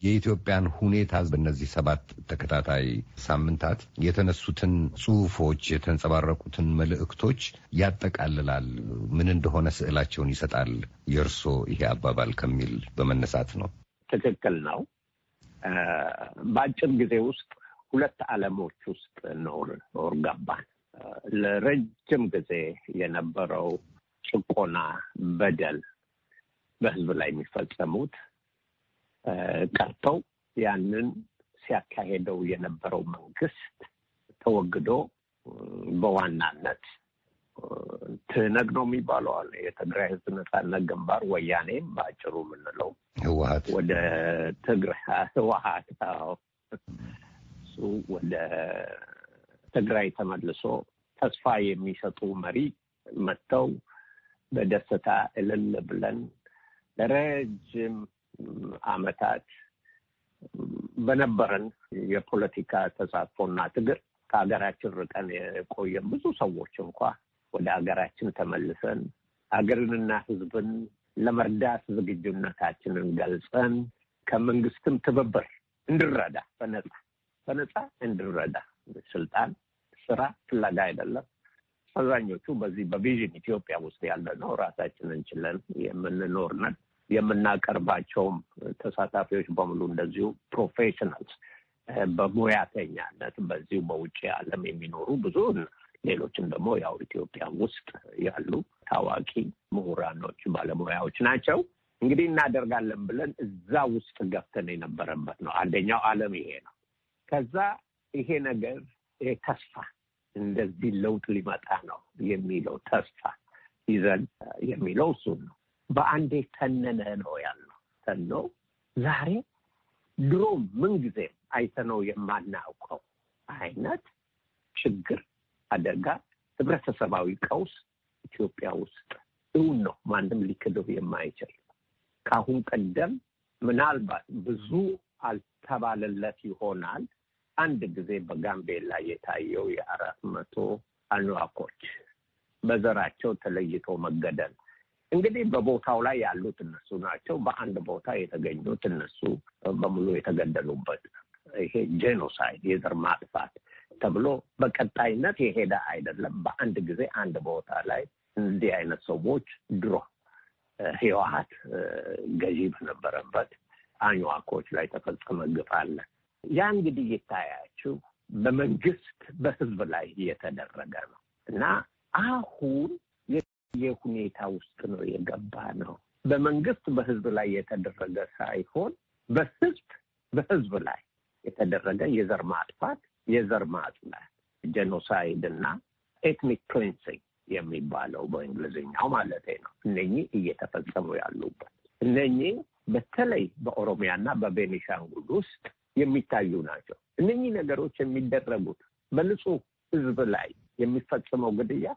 የኢትዮጵያን ሁኔታ በእነዚህ ሰባት ተከታታይ ሳምንታት የተነሱትን ጽሁፎች የተንጸባረቁትን መልእክቶች ያጠቃልላል፣ ምን እንደሆነ ስዕላቸውን ይሰጣል። የእርሶ ይሄ አባባል ከሚል በመነሳት ነው። ትክክል ነው። በአጭር ጊዜ ውስጥ ሁለት ዓለሞች ውስጥ ኖር ገባን። ለረጅም ጊዜ የነበረው ጭቆና፣ በደል በህዝብ ላይ የሚፈጸሙት ቀርተው ያንን ሲያካሄደው የነበረው መንግስት ተወግዶ በዋናነት ትህነግ ነው የሚባለዋል የትግራይ ህዝብ ነጻነት ግንባር ወያኔም በአጭሩ የምንለው ህወሀት ወደ ትግራይ ህወሀት እሱ ወደ ትግራይ ተመልሶ ተስፋ የሚሰጡ መሪ መጥተው በደስታ እልል ብለን ለረጅም አመታት በነበረን የፖለቲካ ተሳትፎና ትግር ከሀገራችን ርቀን የቆየን ብዙ ሰዎች እንኳ ወደ ሀገራችን ተመልሰን ሀገርንና ሕዝብን ለመርዳት ዝግጁነታችንን ገልጸን ከመንግስትም ትብብር እንድረዳ በነጻ በነጻ እንድረዳ ስልጣን ስራ ፍላጋ አይደለም። አብዛኞቹ በዚህ በቪዥን ኢትዮጵያ ውስጥ ያለ ነው። ራሳችንን ችለን የምንኖር ነን። የምናቀርባቸውም ተሳታፊዎች በሙሉ እንደዚሁ ፕሮፌሽናልስ በሙያተኛነት በዚሁ በውጭ ዓለም የሚኖሩ ብዙ ሌሎችም ደግሞ ያው ኢትዮጵያ ውስጥ ያሉ ታዋቂ ምሁራኖች፣ ባለሙያዎች ናቸው። እንግዲህ እናደርጋለን ብለን እዛ ውስጥ ገብተን የነበረበት ነው። አንደኛው ዓለም ይሄ ነው። ከዛ ይሄ ነገር ይሄ ተስፋ እንደዚህ ለውጥ ሊመጣ ነው የሚለው ተስፋ ይዘን የሚለው እሱን ነው በአንዴ ተነነ ነው ያለው። ተኖ ዛሬ ድሮ ምንጊዜም አይተነው የማናውቀው አይነት ችግር፣ አደጋ፣ ህብረተሰባዊ ቀውስ ኢትዮጵያ ውስጥ እውን ነው። ማንም ሊክድህ የማይችል ከአሁን ቀደም ምናልባት ብዙ አልተባለለት ይሆናል አንድ ጊዜ በጋምቤላ የታየው የአራት መቶ አኗኮች በዘራቸው ተለይቶ መገደል እንግዲህ በቦታው ላይ ያሉት እነሱ ናቸው። በአንድ ቦታ የተገኙት እነሱ በሙሉ የተገደሉበት ይሄ ጄኖሳይድ የዘር ማጥፋት ተብሎ በቀጣይነት የሄደ አይደለም። በአንድ ጊዜ አንድ ቦታ ላይ እንዲህ አይነት ሰዎች ድሮ ህወሀት ገዢ በነበረበት አኝዋኮች ላይ ተፈጸመ ግፍ አለ። ያ እንግዲህ ይታያችው በመንግስት በህዝብ ላይ እየተደረገ ነው እና አሁን የሁኔታ ውስጥ ነው የገባ ነው። በመንግስት በህዝብ ላይ የተደረገ ሳይሆን በህዝብ በህዝብ ላይ የተደረገ የዘር ማጥፋት፣ የዘር ማጥላት፣ ጄኖሳይድ እና ኤትኒክ ክሊንሲንግ የሚባለው በእንግሊዝኛው ማለት ነው። እነኚህ እየተፈጸሙ ያሉበት እነኚህ በተለይ በኦሮሚያና በቤኒሻንጉል ውስጥ የሚታዩ ናቸው። እነኚህ ነገሮች የሚደረጉት በንጹህ ህዝብ ላይ የሚፈጽመው ግድያ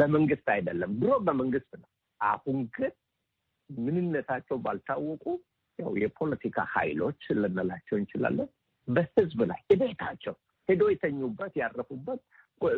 በመንግስት አይደለም። ድሮ በመንግስት ነው። አሁን ግን ምንነታቸው ባልታወቁ ያው የፖለቲካ ኃይሎች ልንላቸው እንችላለን በህዝብ ላይ ቤታቸው ሄዶ የተኙበት ያረፉበት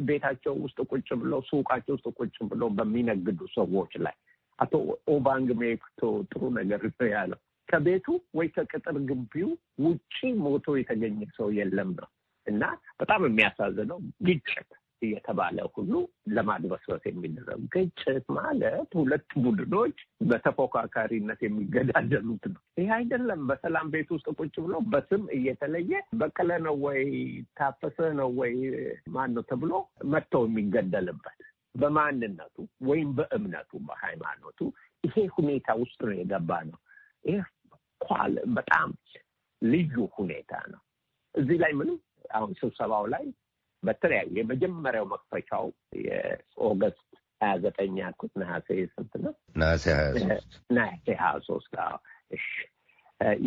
ቤታቸው ውስጥ ቁጭ ብለው ሱቃቸው ውስጥ ቁጭ ብለው በሚነግዱ ሰዎች ላይ አቶ ኦባንግ ሜክቶ ጥሩ ነገር ያለው። ከቤቱ ወይ ከቅጥር ግቢው ውጪ ሞቶ የተገኘ ሰው የለም ነው እና በጣም የሚያሳዝነው ግጭት እየተባለ ሁሉ ለማድበስበስ የሚደረግ ግጭት ማለት ሁለት ቡድኖች በተፎካካሪነት የሚገዳደሉት ነው። ይህ አይደለም። በሰላም ቤት ውስጥ ቁጭ ብሎ በስም እየተለየ በቀለ ነው ወይ ታፈሰ ነው ወይ ማን ነው ተብሎ መጥተው የሚገደልበት በማንነቱ ወይም በእምነቱ በሃይማኖቱ ይሄ ሁኔታ ውስጥ ነው የገባ ነው። ይህ በጣም ልዩ ሁኔታ ነው። እዚህ ላይ ምንም አሁን ስብሰባው ላይ በተለያዩ የመጀመሪያው መክፈቻው የኦገስት ሀያ ዘጠኝ ያልኩት ነሐሴ ስንት ነው? ነሐሴ ሀያ ሶስት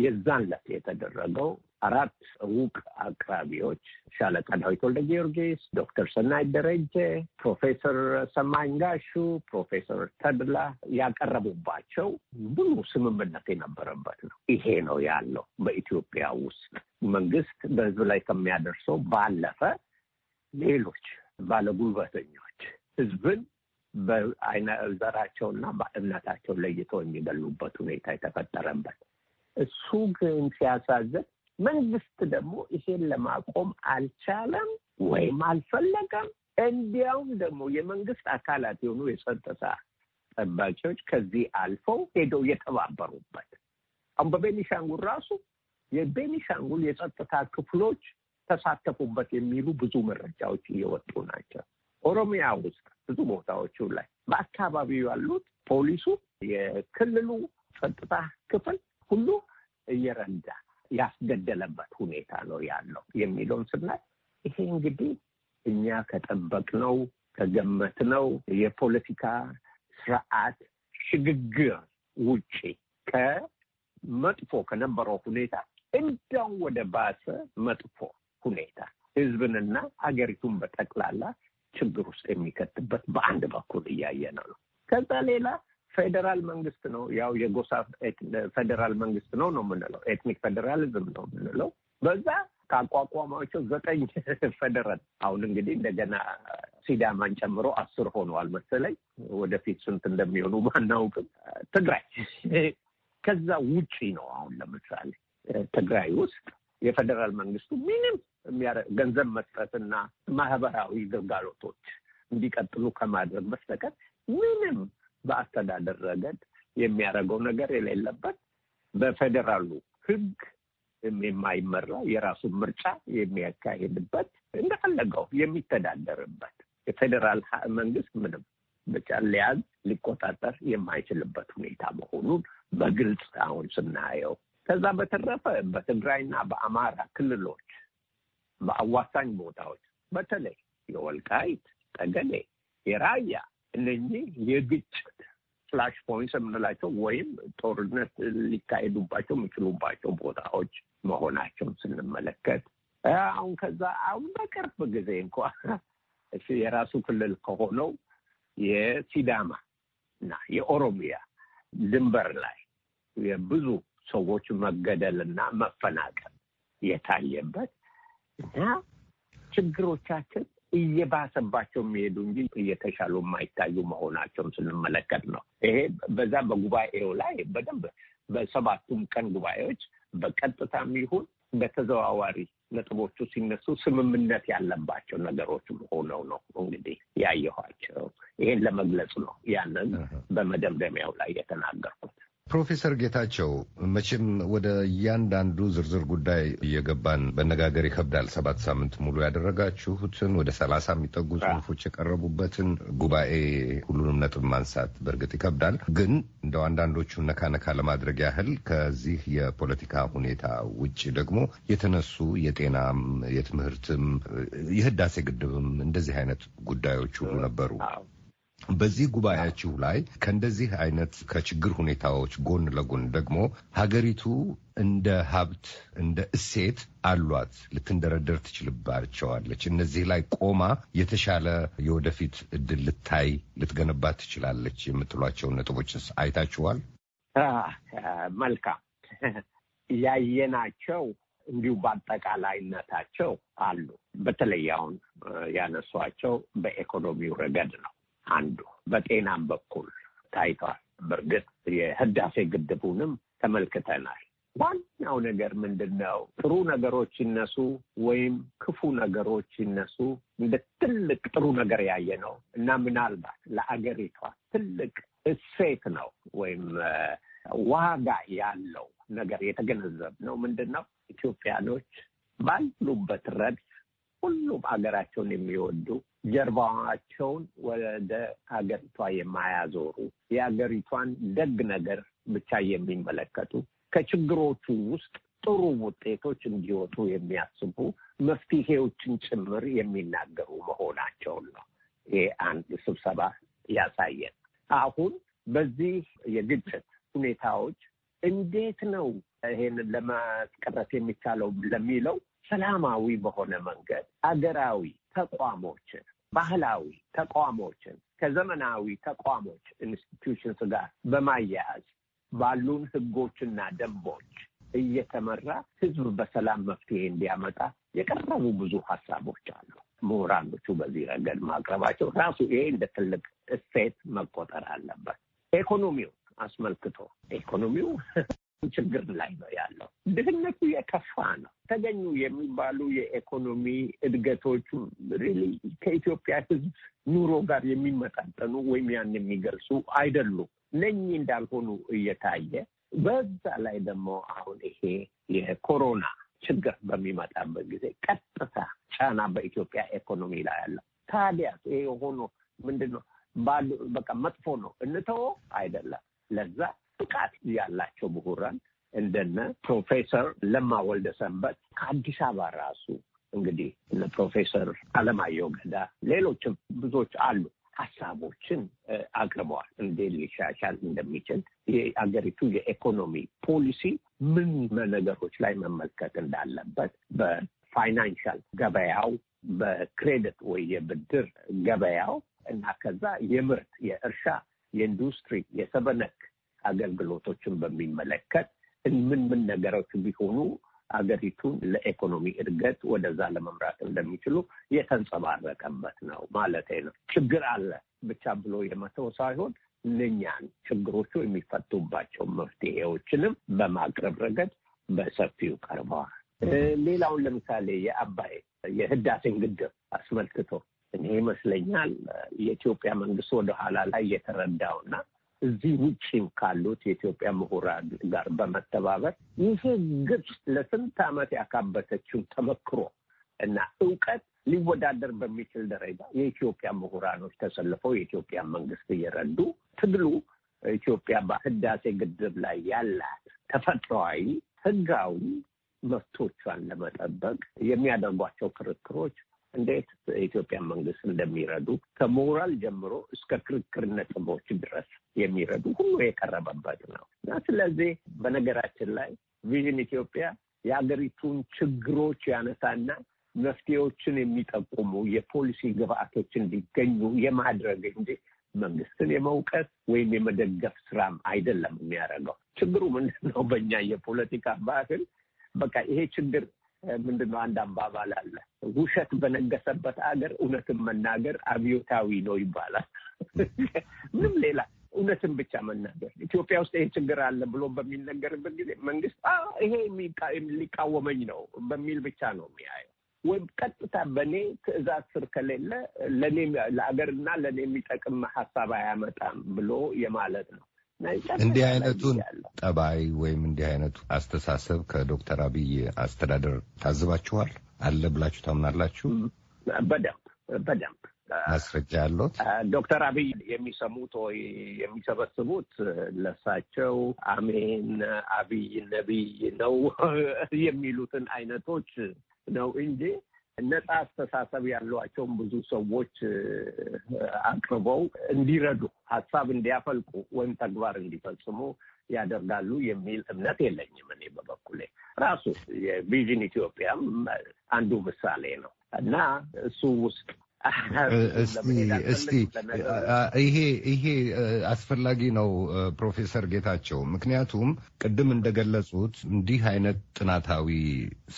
የዛን ዕለት የተደረገው አራት እውቅ አቅራቢዎች ሻለቃ ዳዊት ወልደ ጊዮርጊስ፣ ዶክተር ሰናይ ደረጀ፣ ፕሮፌሰር ሰማኝ ጋሹ፣ ፕሮፌሰር ተድላ ያቀረቡባቸው ብዙ ስምምነት የነበረበት ነው። ይሄ ነው ያለው በኢትዮጵያ ውስጥ መንግስት በህዝብ ላይ ከሚያደርሰው ባለፈ ሌሎች ባለጉልበተኞች ህዝብን በአይነ ዘራቸውና በእምነታቸው ለይተው የሚገሉበት ሁኔታ የተፈጠረበት እሱ ግን ሲያሳዝን መንግስት ደግሞ ይሄን ለማቆም አልቻለም ወይም አልፈለገም። እንዲያውም ደግሞ የመንግስት አካላት የሆኑ የጸጥታ ጠባቂዎች ከዚህ አልፈው ሄደው የተባበሩበት አሁን በቤኒሻንጉል ራሱ የቤኒሻንጉል የጸጥታ ክፍሎች ተሳተፉበት የሚሉ ብዙ መረጃዎች እየወጡ ናቸው። ኦሮሚያ ውስጥ ብዙ ቦታዎቹ ላይ በአካባቢው ያሉት ፖሊሱ፣ የክልሉ ጸጥታ ክፍል ሁሉ እየረዳ ያስገደለበት ሁኔታ ነው ያለው የሚለውን ስናይ ይሄ እንግዲህ እኛ ከጠበቅነው ከገመትነው የፖለቲካ ስርዓት ሽግግር ውጪ ከመጥፎ ከነበረው ሁኔታ እንደው ወደ ባሰ መጥፎ ሁኔታ ህዝብንና ሀገሪቱን በጠቅላላ ችግር ውስጥ የሚከትበት በአንድ በኩል እያየን ነው። ከዛ ሌላ ፌዴራል መንግስት ነው ያው የጎሳ ፌዴራል መንግስት ነው ነው የምንለው ኤትኒክ ፌዴራሊዝም ነው የምንለው በዛ ካቋቋማቸው ዘጠኝ ፌደራል አሁን እንግዲህ እንደገና ሲዳማን ጨምሮ አስር ሆነዋል መሰለኝ። ወደፊት ስንት እንደሚሆኑ ማናውቅም። ትግራይ ከዛ ውጪ ነው። አሁን ለምሳሌ ትግራይ ውስጥ የፌደራል መንግስቱ ምንም ገንዘብ መስጠትና ማህበራዊ ግልጋሎቶች እንዲቀጥሉ ከማድረግ በስተቀር ምንም በአስተዳደር ረገድ የሚያደርገው ነገር የሌለበት በፌዴራሉ ህግ የማይመራ የራሱን ምርጫ የሚያካሄድበት እንደፈለገው የሚተዳደርበት የፌዴራል መንግስት ምንም ብቻ ሊያዝ ሊቆጣጠር የማይችልበት ሁኔታ መሆኑን በግልጽ አሁን ስናየው ከዛ በተረፈ በትግራይና በአማራ ክልሎች በአዋሳኝ ቦታዎች በተለይ የወልቃይት ጠገዴ፣ የራያ እነኚህ የግጭት ፍላሽ ፖይንት የምንላቸው ወይም ጦርነት ሊካሄዱባቸው የሚችሉባቸው ቦታዎች መሆናቸውን ስንመለከት አሁን ከዛ አሁን በቅርብ ጊዜ እንኳ የራሱ ክልል ከሆነው የሲዳማ እና የኦሮሚያ ድንበር ላይ የብዙ ሰዎች መገደልና መፈናቀል የታየበት እና ችግሮቻችን እየባሰባቸው የሚሄዱ እንጂ እየተሻሉ የማይታዩ መሆናቸውን ስንመለከት ነው። ይሄ በዛ በጉባኤው ላይ በደንብ በሰባቱም ቀን ጉባኤዎች በቀጥታም ይሁን በተዘዋዋሪ ነጥቦቹ ሲነሱ ስምምነት ያለባቸው ነገሮች ሆነው ነው እንግዲህ ያየኋቸው። ይሄን ለመግለጽ ነው ያንን በመደምደሚያው ላይ የተናገርኩት። ፕሮፌሰር ጌታቸው መቼም ወደ እያንዳንዱ ዝርዝር ጉዳይ እየገባን መነጋገር ይከብዳል። ሰባት ሳምንት ሙሉ ያደረጋችሁትን ወደ ሰላሳ የሚጠጉ ጽሁፎች የቀረቡበትን ጉባኤ ሁሉንም ነጥብ ማንሳት በእርግጥ ይከብዳል። ግን እንደው አንዳንዶቹ ነካ ነካ ለማድረግ ያህል ከዚህ የፖለቲካ ሁኔታ ውጭ ደግሞ የተነሱ የጤናም፣ የትምህርትም፣ የህዳሴ ግድብም እንደዚህ አይነት ጉዳዮች ሁሉ ነበሩ። በዚህ ጉባኤያችሁ ላይ ከእንደዚህ አይነት ከችግር ሁኔታዎች ጎን ለጎን ደግሞ ሀገሪቱ እንደ ሀብት እንደ እሴት አሏት ልትንደረደር ትችልባቸዋለች። እነዚህ ላይ ቆማ የተሻለ የወደፊት እድል ልታይ ልትገነባ ትችላለች የምትሏቸውን ነጥቦችስ አይታችኋል? መልካም ያየናቸው እንዲሁ በአጠቃላይነታቸው አሉ። በተለይ አሁን ያነሷቸው በኢኮኖሚው ረገድ ነው። አንዱ በጤናም በኩል ታይቷል። በእርግጥ የህዳሴ ግድቡንም ተመልክተናል። ዋናው ነገር ምንድን ነው? ጥሩ ነገሮች ይነሱ ወይም ክፉ ነገሮች ይነሱ፣ እንደ ትልቅ ጥሩ ነገር ያየ ነው እና ምናልባት ለአገሪቷ ትልቅ እሴት ነው ወይም ዋጋ ያለው ነገር የተገነዘብ ነው። ምንድን ነው ኢትዮጵያኖች ባሉበት ረድፍ ሁሉም ሀገራቸውን የሚወዱ ጀርባቸውን ወደ ሀገሪቷ የማያዞሩ የሀገሪቷን ደግ ነገር ብቻ የሚመለከቱ ከችግሮቹ ውስጥ ጥሩ ውጤቶች እንዲወጡ የሚያስቡ መፍትሄዎችን ጭምር የሚናገሩ መሆናቸውን ነው ይሄ አንድ ስብሰባ ያሳየን። አሁን በዚህ የግጭት ሁኔታዎች እንዴት ነው ይሄንን ለማስቀረት የሚቻለው ለሚለው ሰላማዊ በሆነ መንገድ ሀገራዊ ተቋሞችን ባህላዊ ተቋሞችን ከዘመናዊ ተቋሞች ኢንስቲትዩሽንስ ጋር በማያያዝ ባሉን ህጎችና ደንቦች እየተመራ ህዝብ በሰላም መፍትሄ እንዲያመጣ የቀረቡ ብዙ ሀሳቦች አሉ። ምሁራኖቹ በዚህ ረገድ ማቅረባቸው ራሱ ይሄ እንደ ትልቅ እሴት መቆጠር አለበት። ኢኮኖሚው አስመልክቶ ኢኮኖሚው ችግር ላይ ነው ያለው። ድህነቱ የከፋ ነው። ተገኙ የሚባሉ የኢኮኖሚ እድገቶች ሪሊ ከኢትዮጵያ ሕዝብ ኑሮ ጋር የሚመጣጠኑ ወይም ያን የሚገልጹ አይደሉም። እነኚህ እንዳልሆኑ እየታየ በዛ ላይ ደግሞ አሁን ይሄ የኮሮና ችግር በሚመጣበት ጊዜ ቀጥታ ጫና በኢትዮጵያ ኢኮኖሚ ላይ አለ። ታዲያ ይሄ የሆኑ ምንድን ነው? በቃ መጥፎ ነው እንተወ አይደለም። ለዛ ብቃት ያላቸው ምሁራን እንደነ ፕሮፌሰር ለማ ወልደ ሰንበት ከአዲስ አበባ ራሱ እንግዲህ እነ ፕሮፌሰር አለማየሁ ገዳ ሌሎችም ብዙዎች አሉ ሀሳቦችን አቅርበዋል። እንዴት ሊሻሻል እንደሚችል የአገሪቱ የኢኮኖሚ ፖሊሲ ምን ነገሮች ላይ መመልከት እንዳለበት በፋይናንሻል ገበያው፣ በክሬዲት ወይ የብድር ገበያው እና ከዛ የምርት የእርሻ የኢንዱስትሪ የሰበነክ አገልግሎቶችን በሚመለከት ምን ምን ነገሮች ቢሆኑ አገሪቱን ለኢኮኖሚ እድገት ወደዛ ለመምራት እንደሚችሉ የተንጸባረቀበት ነው ማለት ነው። ችግር አለ ብቻ ብሎ የመተው ሳይሆን እነኛን ችግሮቹ የሚፈቱባቸው መፍትሄዎችንም በማቅረብ ረገድ በሰፊው ቀርበዋል። ሌላውን ለምሳሌ የአባይ የህዳሴን ግድብ አስመልክቶ እኔ ይመስለኛል የኢትዮጵያ መንግስት ወደኋላ ላይ የተረዳውና እዚህ ውጭም ካሉት የኢትዮጵያ ምሁራን ጋር በመተባበር ይህ ግብጽ ለስንት ዓመት ያካበተችው ተመክሮ እና እውቀት ሊወዳደር በሚችል ደረጃ የኢትዮጵያ ምሁራኖች ተሰልፈው የኢትዮጵያ መንግስት እየረዱ ትግሉ ኢትዮጵያ በህዳሴ ግድብ ላይ ያላት ተፈጥሯዊ ህጋዊ መብቶቿን ለመጠበቅ የሚያደርጓቸው ክርክሮች እንዴት የኢትዮጵያ መንግስት እንደሚረዱ ከሞራል ጀምሮ እስከ ክርክር ነጥቦች ድረስ የሚረዱ ሁሉ የቀረበበት ነው እና ስለዚህ በነገራችን ላይ ቪዥን ኢትዮጵያ የሀገሪቱን ችግሮች ያነሳና መፍትሄዎችን የሚጠቁሙ የፖሊሲ ግብአቶች እንዲገኙ የማድረግ እንጂ መንግስትን የመውቀስ ወይም የመደገፍ ስራም አይደለም የሚያደርገው። ችግሩ ምንድን ነው? በእኛ የፖለቲካ ባህል በቃ ይሄ ችግር ምንድን ነው አንድ አባባል አለ። ውሸት በነገሰበት አገር እውነትን መናገር አብዮታዊ ነው ይባላል። ምንም ሌላ እውነትን ብቻ መናገር። ኢትዮጵያ ውስጥ ይሄ ችግር አለ ብሎ በሚነገርበት ጊዜ መንግስት ይሄ ሊቃወመኝ ነው በሚል ብቻ ነው የሚያየው ወይም ቀጥታ በእኔ ትዕዛዝ ስር ከሌለ ለአገርና ለእኔ የሚጠቅም ሀሳብ አያመጣም ብሎ የማለት ነው። እንዲህ አይነቱን ጠባይ ወይም እንዲህ አይነቱ አስተሳሰብ ከዶክተር አብይ አስተዳደር ታዝባችኋል? አለ ብላችሁ ታምናላችሁ? በደንብ በደንብ ማስረጃ ያለት ዶክተር አብይ የሚሰሙት ወይ የሚሰበስቡት ለሳቸው አሜን አብይ ነቢይ ነው የሚሉትን አይነቶች ነው እንጂ ነጻ አስተሳሰብ ያሏቸውን ብዙ ሰዎች አቅርበው እንዲረዱ ሀሳብ እንዲያፈልቁ ወይም ተግባር እንዲፈጽሙ ያደርጋሉ የሚል እምነት የለኝም። እኔ በበኩሌ ራሱ የቪዥን ኢትዮጵያም አንዱ ምሳሌ ነው እና እሱ ውስጥ እስቲ እስቲ ይሄ ይሄ አስፈላጊ ነው ፕሮፌሰር ጌታቸው ምክንያቱም ቅድም እንደገለጹት እንዲህ አይነት ጥናታዊ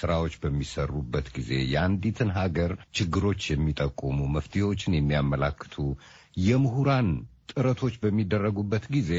ስራዎች በሚሰሩበት ጊዜ የአንዲትን ሀገር ችግሮች የሚጠቁሙ መፍትሄዎችን የሚያመላክቱ የምሁራን ጥረቶች በሚደረጉበት ጊዜ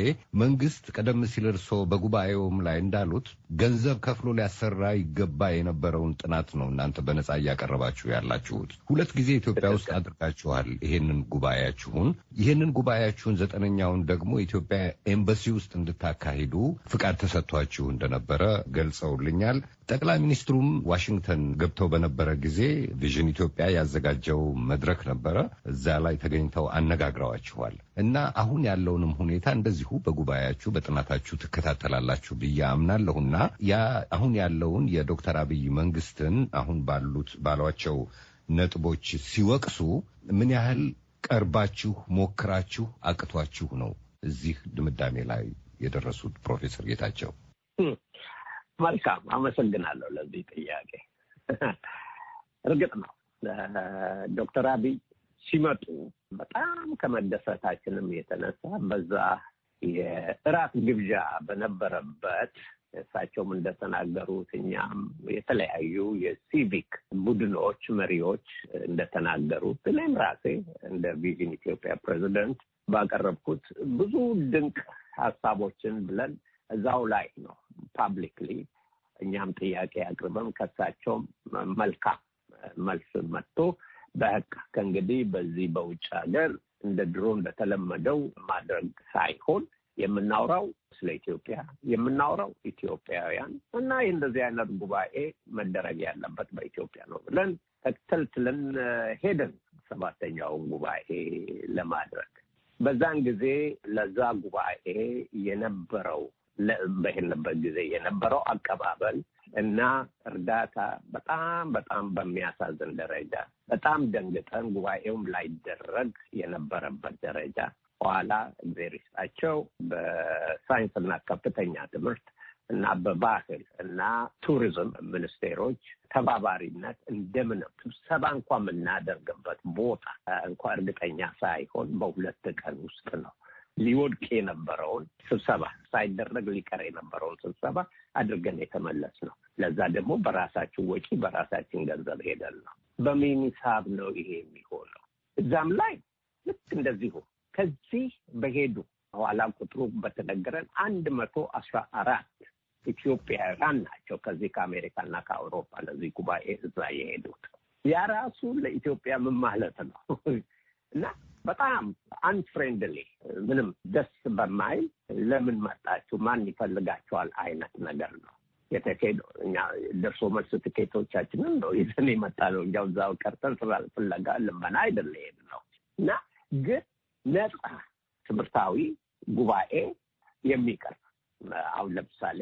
መንግስት ቀደም ሲል እርስዎ በጉባኤውም ላይ እንዳሉት ገንዘብ ከፍሎ ሊያሰራ ይገባ የነበረውን ጥናት ነው እናንተ በነጻ እያቀረባችሁ ያላችሁት። ሁለት ጊዜ ኢትዮጵያ ውስጥ አድርጋችኋል ይሄንን ጉባኤያችሁን። ይሄንን ጉባኤያችሁን ዘጠነኛውን ደግሞ ኢትዮጵያ ኤምባሲ ውስጥ እንድታካሂዱ ፍቃድ ተሰጥቷችሁ እንደነበረ ገልጸውልኛል። ጠቅላይ ሚኒስትሩም ዋሽንግተን ገብተው በነበረ ጊዜ ቪዥን ኢትዮጵያ ያዘጋጀው መድረክ ነበረ። እዛ ላይ ተገኝተው አነጋግረዋችኋል። እና አሁን ያለውንም ሁኔታ እንደዚሁ በጉባኤያችሁ በጥናታችሁ ትከታተላላችሁ ብዬ አምናለሁና ያ አሁን ያለውን የዶክተር አብይ መንግስትን አሁን ባሉት ባሏቸው ነጥቦች ሲወቅሱ ምን ያህል ቀርባችሁ ሞክራችሁ አቅቷችሁ ነው እዚህ ድምዳሜ ላይ የደረሱት? ፕሮፌሰር ጌታቸው መልካም አመሰግናለሁ ለዚህ ጥያቄ። እርግጥ ነው ዶክተር አብይ ሲመጡ በጣም ከመደሰታችንም የተነሳ በዛ የእራት ግብዣ በነበረበት እሳቸውም እንደተናገሩት እኛም የተለያዩ የሲቪክ ቡድኖች መሪዎች እንደተናገሩት እኔም ራሴ እንደ ቪዥን ኢትዮጵያ ፕሬዚደንት ባቀረብኩት ብዙ ድንቅ ሀሳቦችን ብለን እዛው ላይ ነው ፓብሊክሊ እኛም ጥያቄ አቅርበን ከሳቸውም መልካም መልስ መጥቶ በቃ ከእንግዲህ በዚህ በውጭ ሀገር እንደ ድሮ እንደተለመደው ማድረግ ሳይሆን የምናውራው ስለ ኢትዮጵያ የምናውራው ኢትዮጵያውያን እና እንደዚህ አይነት ጉባኤ መደረግ ያለበት በኢትዮጵያ ነው ብለን ተከታትለን ሄደን ሰባተኛውን ጉባኤ ለማድረግ በዛን ጊዜ ለዛ ጉባኤ የነበረው በሄነበት ጊዜ የነበረው አቀባበል እና እርዳታ በጣም በጣም በሚያሳዝን ደረጃ በጣም ደንግጠን ጉባኤውም ላይደረግ የነበረበት ደረጃ በኋላ እግዜር ይስጣቸው በሳይንስና ከፍተኛ ትምህርት እና በባህል እና ቱሪዝም ሚኒስቴሮች ተባባሪነት እንደምንም ስብሰባ እንኳ የምናደርግበት ቦታ እንኳ እርግጠኛ ሳይሆን በሁለት ቀን ውስጥ ነው ሊወድቅ የነበረውን ስብሰባ ሳይደረግ ሊቀር የነበረውን ስብሰባ አድርገን የተመለስ ነው። ለዛ ደግሞ በራሳችን ወጪ በራሳችን ገንዘብ ሄደን ነው። በምን ሂሳብ ነው ይሄ የሚሆነው? እዛም ላይ ልክ እንደዚሁ ከዚህ በሄዱ ኋላ ቁጥሩ በተነገረን አንድ መቶ አስራ አራት ኢትዮጵያውያን ናቸው ከዚህ ከአሜሪካና ከአውሮፓ ለዚህ ጉባኤ እዛ የሄዱት። ያ ራሱ ለኢትዮጵያ ምን ማለት ነው እና በጣም አንፍሬንድሊ ምንም ደስ በማይል ለምን መጣችሁ ማን ይፈልጋችኋል አይነት ነገር ነው የተካሄደው። እኛ ደርሶ መልስ ትኬቶቻችንን ነው ይዘን የመጣ ነው። እንዲያው እዛው ቀርተን ስራ ፍለጋ ልመና አይደለ ነው እና ግን ነጻ ትምህርታዊ ጉባኤ የሚቀርብ አሁን ለምሳሌ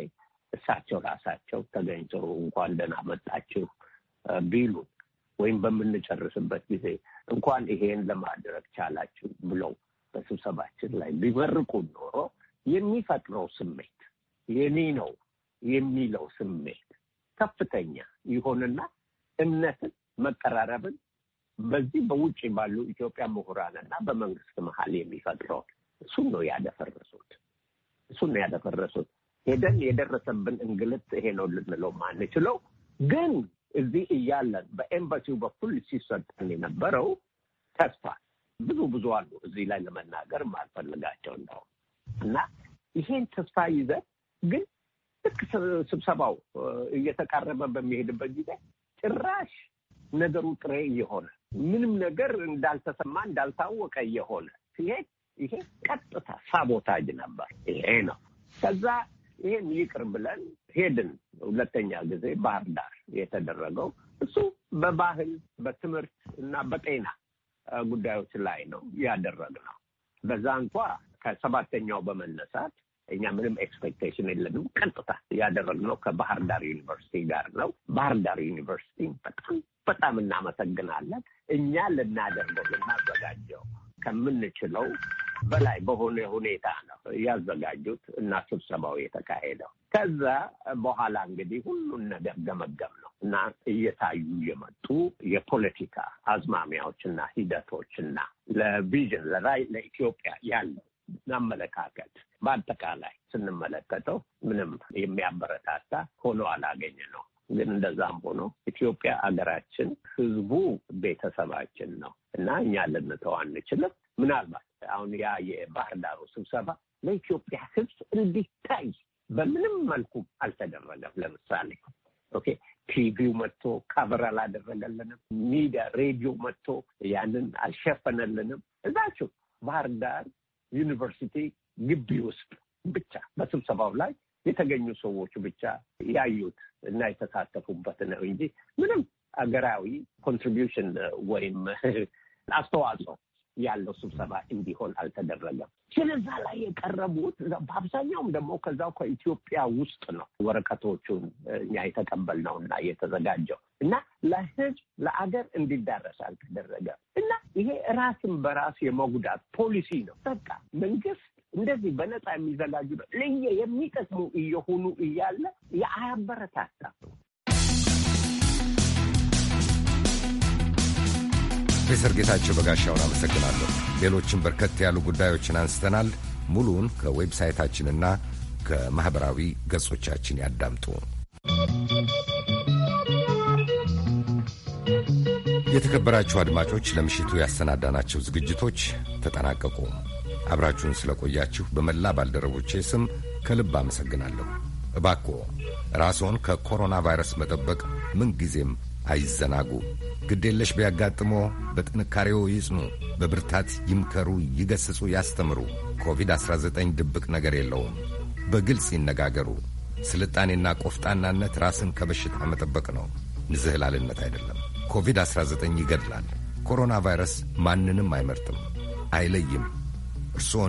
እሳቸው ራሳቸው ተገኝቶ እንኳን ደህና መጣችሁ ቢሉን ወይም በምንጨርስበት ጊዜ እንኳን ይሄን ለማድረግ ቻላችሁ ብለው በስብሰባችን ላይ ቢመርቁ ኖሮ የሚፈጥረው ስሜት የኔ ነው የሚለው ስሜት ከፍተኛ ይሆንና እምነትን፣ መቀራረብን በዚህ በውጭ ባሉ ኢትዮጵያ ምሁራንና በመንግስት መሀል የሚፈጥረውን እሱን ነው ያደፈረሱት። እሱን ነው ያደፈረሱት። ሄደን የደረሰብን እንግልት ይሄ ነው ልንለው ማንችለው ግን እዚህ እያለን በኤምባሲው በኩል ሲሰጠን የነበረው ተስፋ ብዙ ብዙ አሉ እዚህ ላይ ለመናገር ማልፈልጋቸው እንደውም እና ይሄን ተስፋ ይዘ ግን ልክ ስብሰባው እየተቃረበ በሚሄድበት ጊዜ ጭራሽ ነገሩ ጥሬ እየሆነ ምንም ነገር እንዳልተሰማ እንዳልታወቀ እየሆነ ሲሄድ ይሄ ቀጥታ ሳቦታጅ ነበር። ይሄ ነው። ከዛ ይሄን ይቅር ብለን ሄድን። ሁለተኛ ጊዜ ባህር ዳር የተደረገው እሱ በባህል በትምህርት እና በጤና ጉዳዮች ላይ ነው ያደረግነው። በዛ እንኳ ከሰባተኛው በመነሳት እኛ ምንም ኤክስፔክቴሽን የለንም። ቀጥታ ያደረግነው ከባህር ዳር ዩኒቨርሲቲ ጋር ነው። ባህር ዳር ዩኒቨርሲቲ በጣም በጣም እናመሰግናለን። እኛ ልናደርገው ልናዘጋጀው ከምንችለው በላይ በሆነ ሁኔታ ነው ያዘጋጁት እና ስብሰባው የተካሄደው። ከዛ በኋላ እንግዲህ ሁሉን ነገር ገመገም ነው እና እየታዩ የመጡ የፖለቲካ አዝማሚያዎችና ሂደቶችና ለቪዥን ለራይ ለኢትዮጵያ ያለው አመለካከት በአጠቃላይ ስንመለከተው ምንም የሚያበረታታ ሆኖ አላገኘ ነው። ግን እንደዛም ሆኖ ኢትዮጵያ አገራችን ህዝቡ ቤተሰባችን ነው እና እኛ ልንተው አንችልም። ምናልባት አሁን ያ የባህር ዳሩ ስብሰባ ለኢትዮጵያ ሕዝብ እንዲታይ በምንም መልኩ አልተደረገም። ለምሳሌ ኦኬ ቲቪው መጥቶ ካቨር አላደረገልንም። ሚዲያ ሬዲዮ መጥቶ ያንን አልሸፈነልንም። እዛችሁ ባህር ዳር ዩኒቨርሲቲ ግቢ ውስጥ ብቻ በስብሰባው ላይ የተገኙ ሰዎች ብቻ ያዩት እና የተሳተፉበት ነው እንጂ ምንም አገራዊ ኮንትሪቢሽን ወይም አስተዋጽኦ ያለው ስብሰባ እንዲሆን አልተደረገም። ስለዛ ላይ የቀረቡት በአብዛኛውም ደግሞ ከዛው ከኢትዮጵያ ውስጥ ነው ወረቀቶቹን እኛ የተቀበልነው እና የተዘጋጀው እና ለህዝብ ለአገር እንዲዳረስ አልተደረገም እና ይሄ ራስን በራስ የመጉዳት ፖሊሲ ነው። በቃ መንግስት እንደዚህ በነፃ የሚዘጋጁ ልየ የሚጠቅሙ እየሆኑ እያለ የአያበረታታ ፕሮፌሰር ጌታቸው በጋሻውን አመሰግናለሁ። ሌሎችም በርከት ያሉ ጉዳዮችን አንስተናል። ሙሉውን ከዌብሳይታችንና ከማኅበራዊ ገጾቻችን ያዳምጡ። የተከበራችሁ አድማጮች ለምሽቱ ያሰናዳናቸው ዝግጅቶች ተጠናቀቁ። አብራችሁን ስለቆያችሁ በመላ ባልደረቦቼ ስም ከልብ አመሰግናለሁ። እባክዎ ራስዎን ከኮሮና ቫይረስ መጠበቅ ምንጊዜም አይዘናጉ። ግዴለሽ ቢያጋጥሞ በጥንካሬው ይጽኑ፣ በብርታት ይምከሩ፣ ይገስጹ፣ ያስተምሩ። ኮቪድ-19 ድብቅ ነገር የለውም። በግልጽ ይነጋገሩ። ስልጣኔና ቆፍጣናነት ራስን ከበሽታ መጠበቅ ነው፣ ንዝህላልነት አይደለም። ኮቪድ-19 ይገድላል። ኮሮና ቫይረስ ማንንም አይመርጥም፣ አይለይም። እርስዎን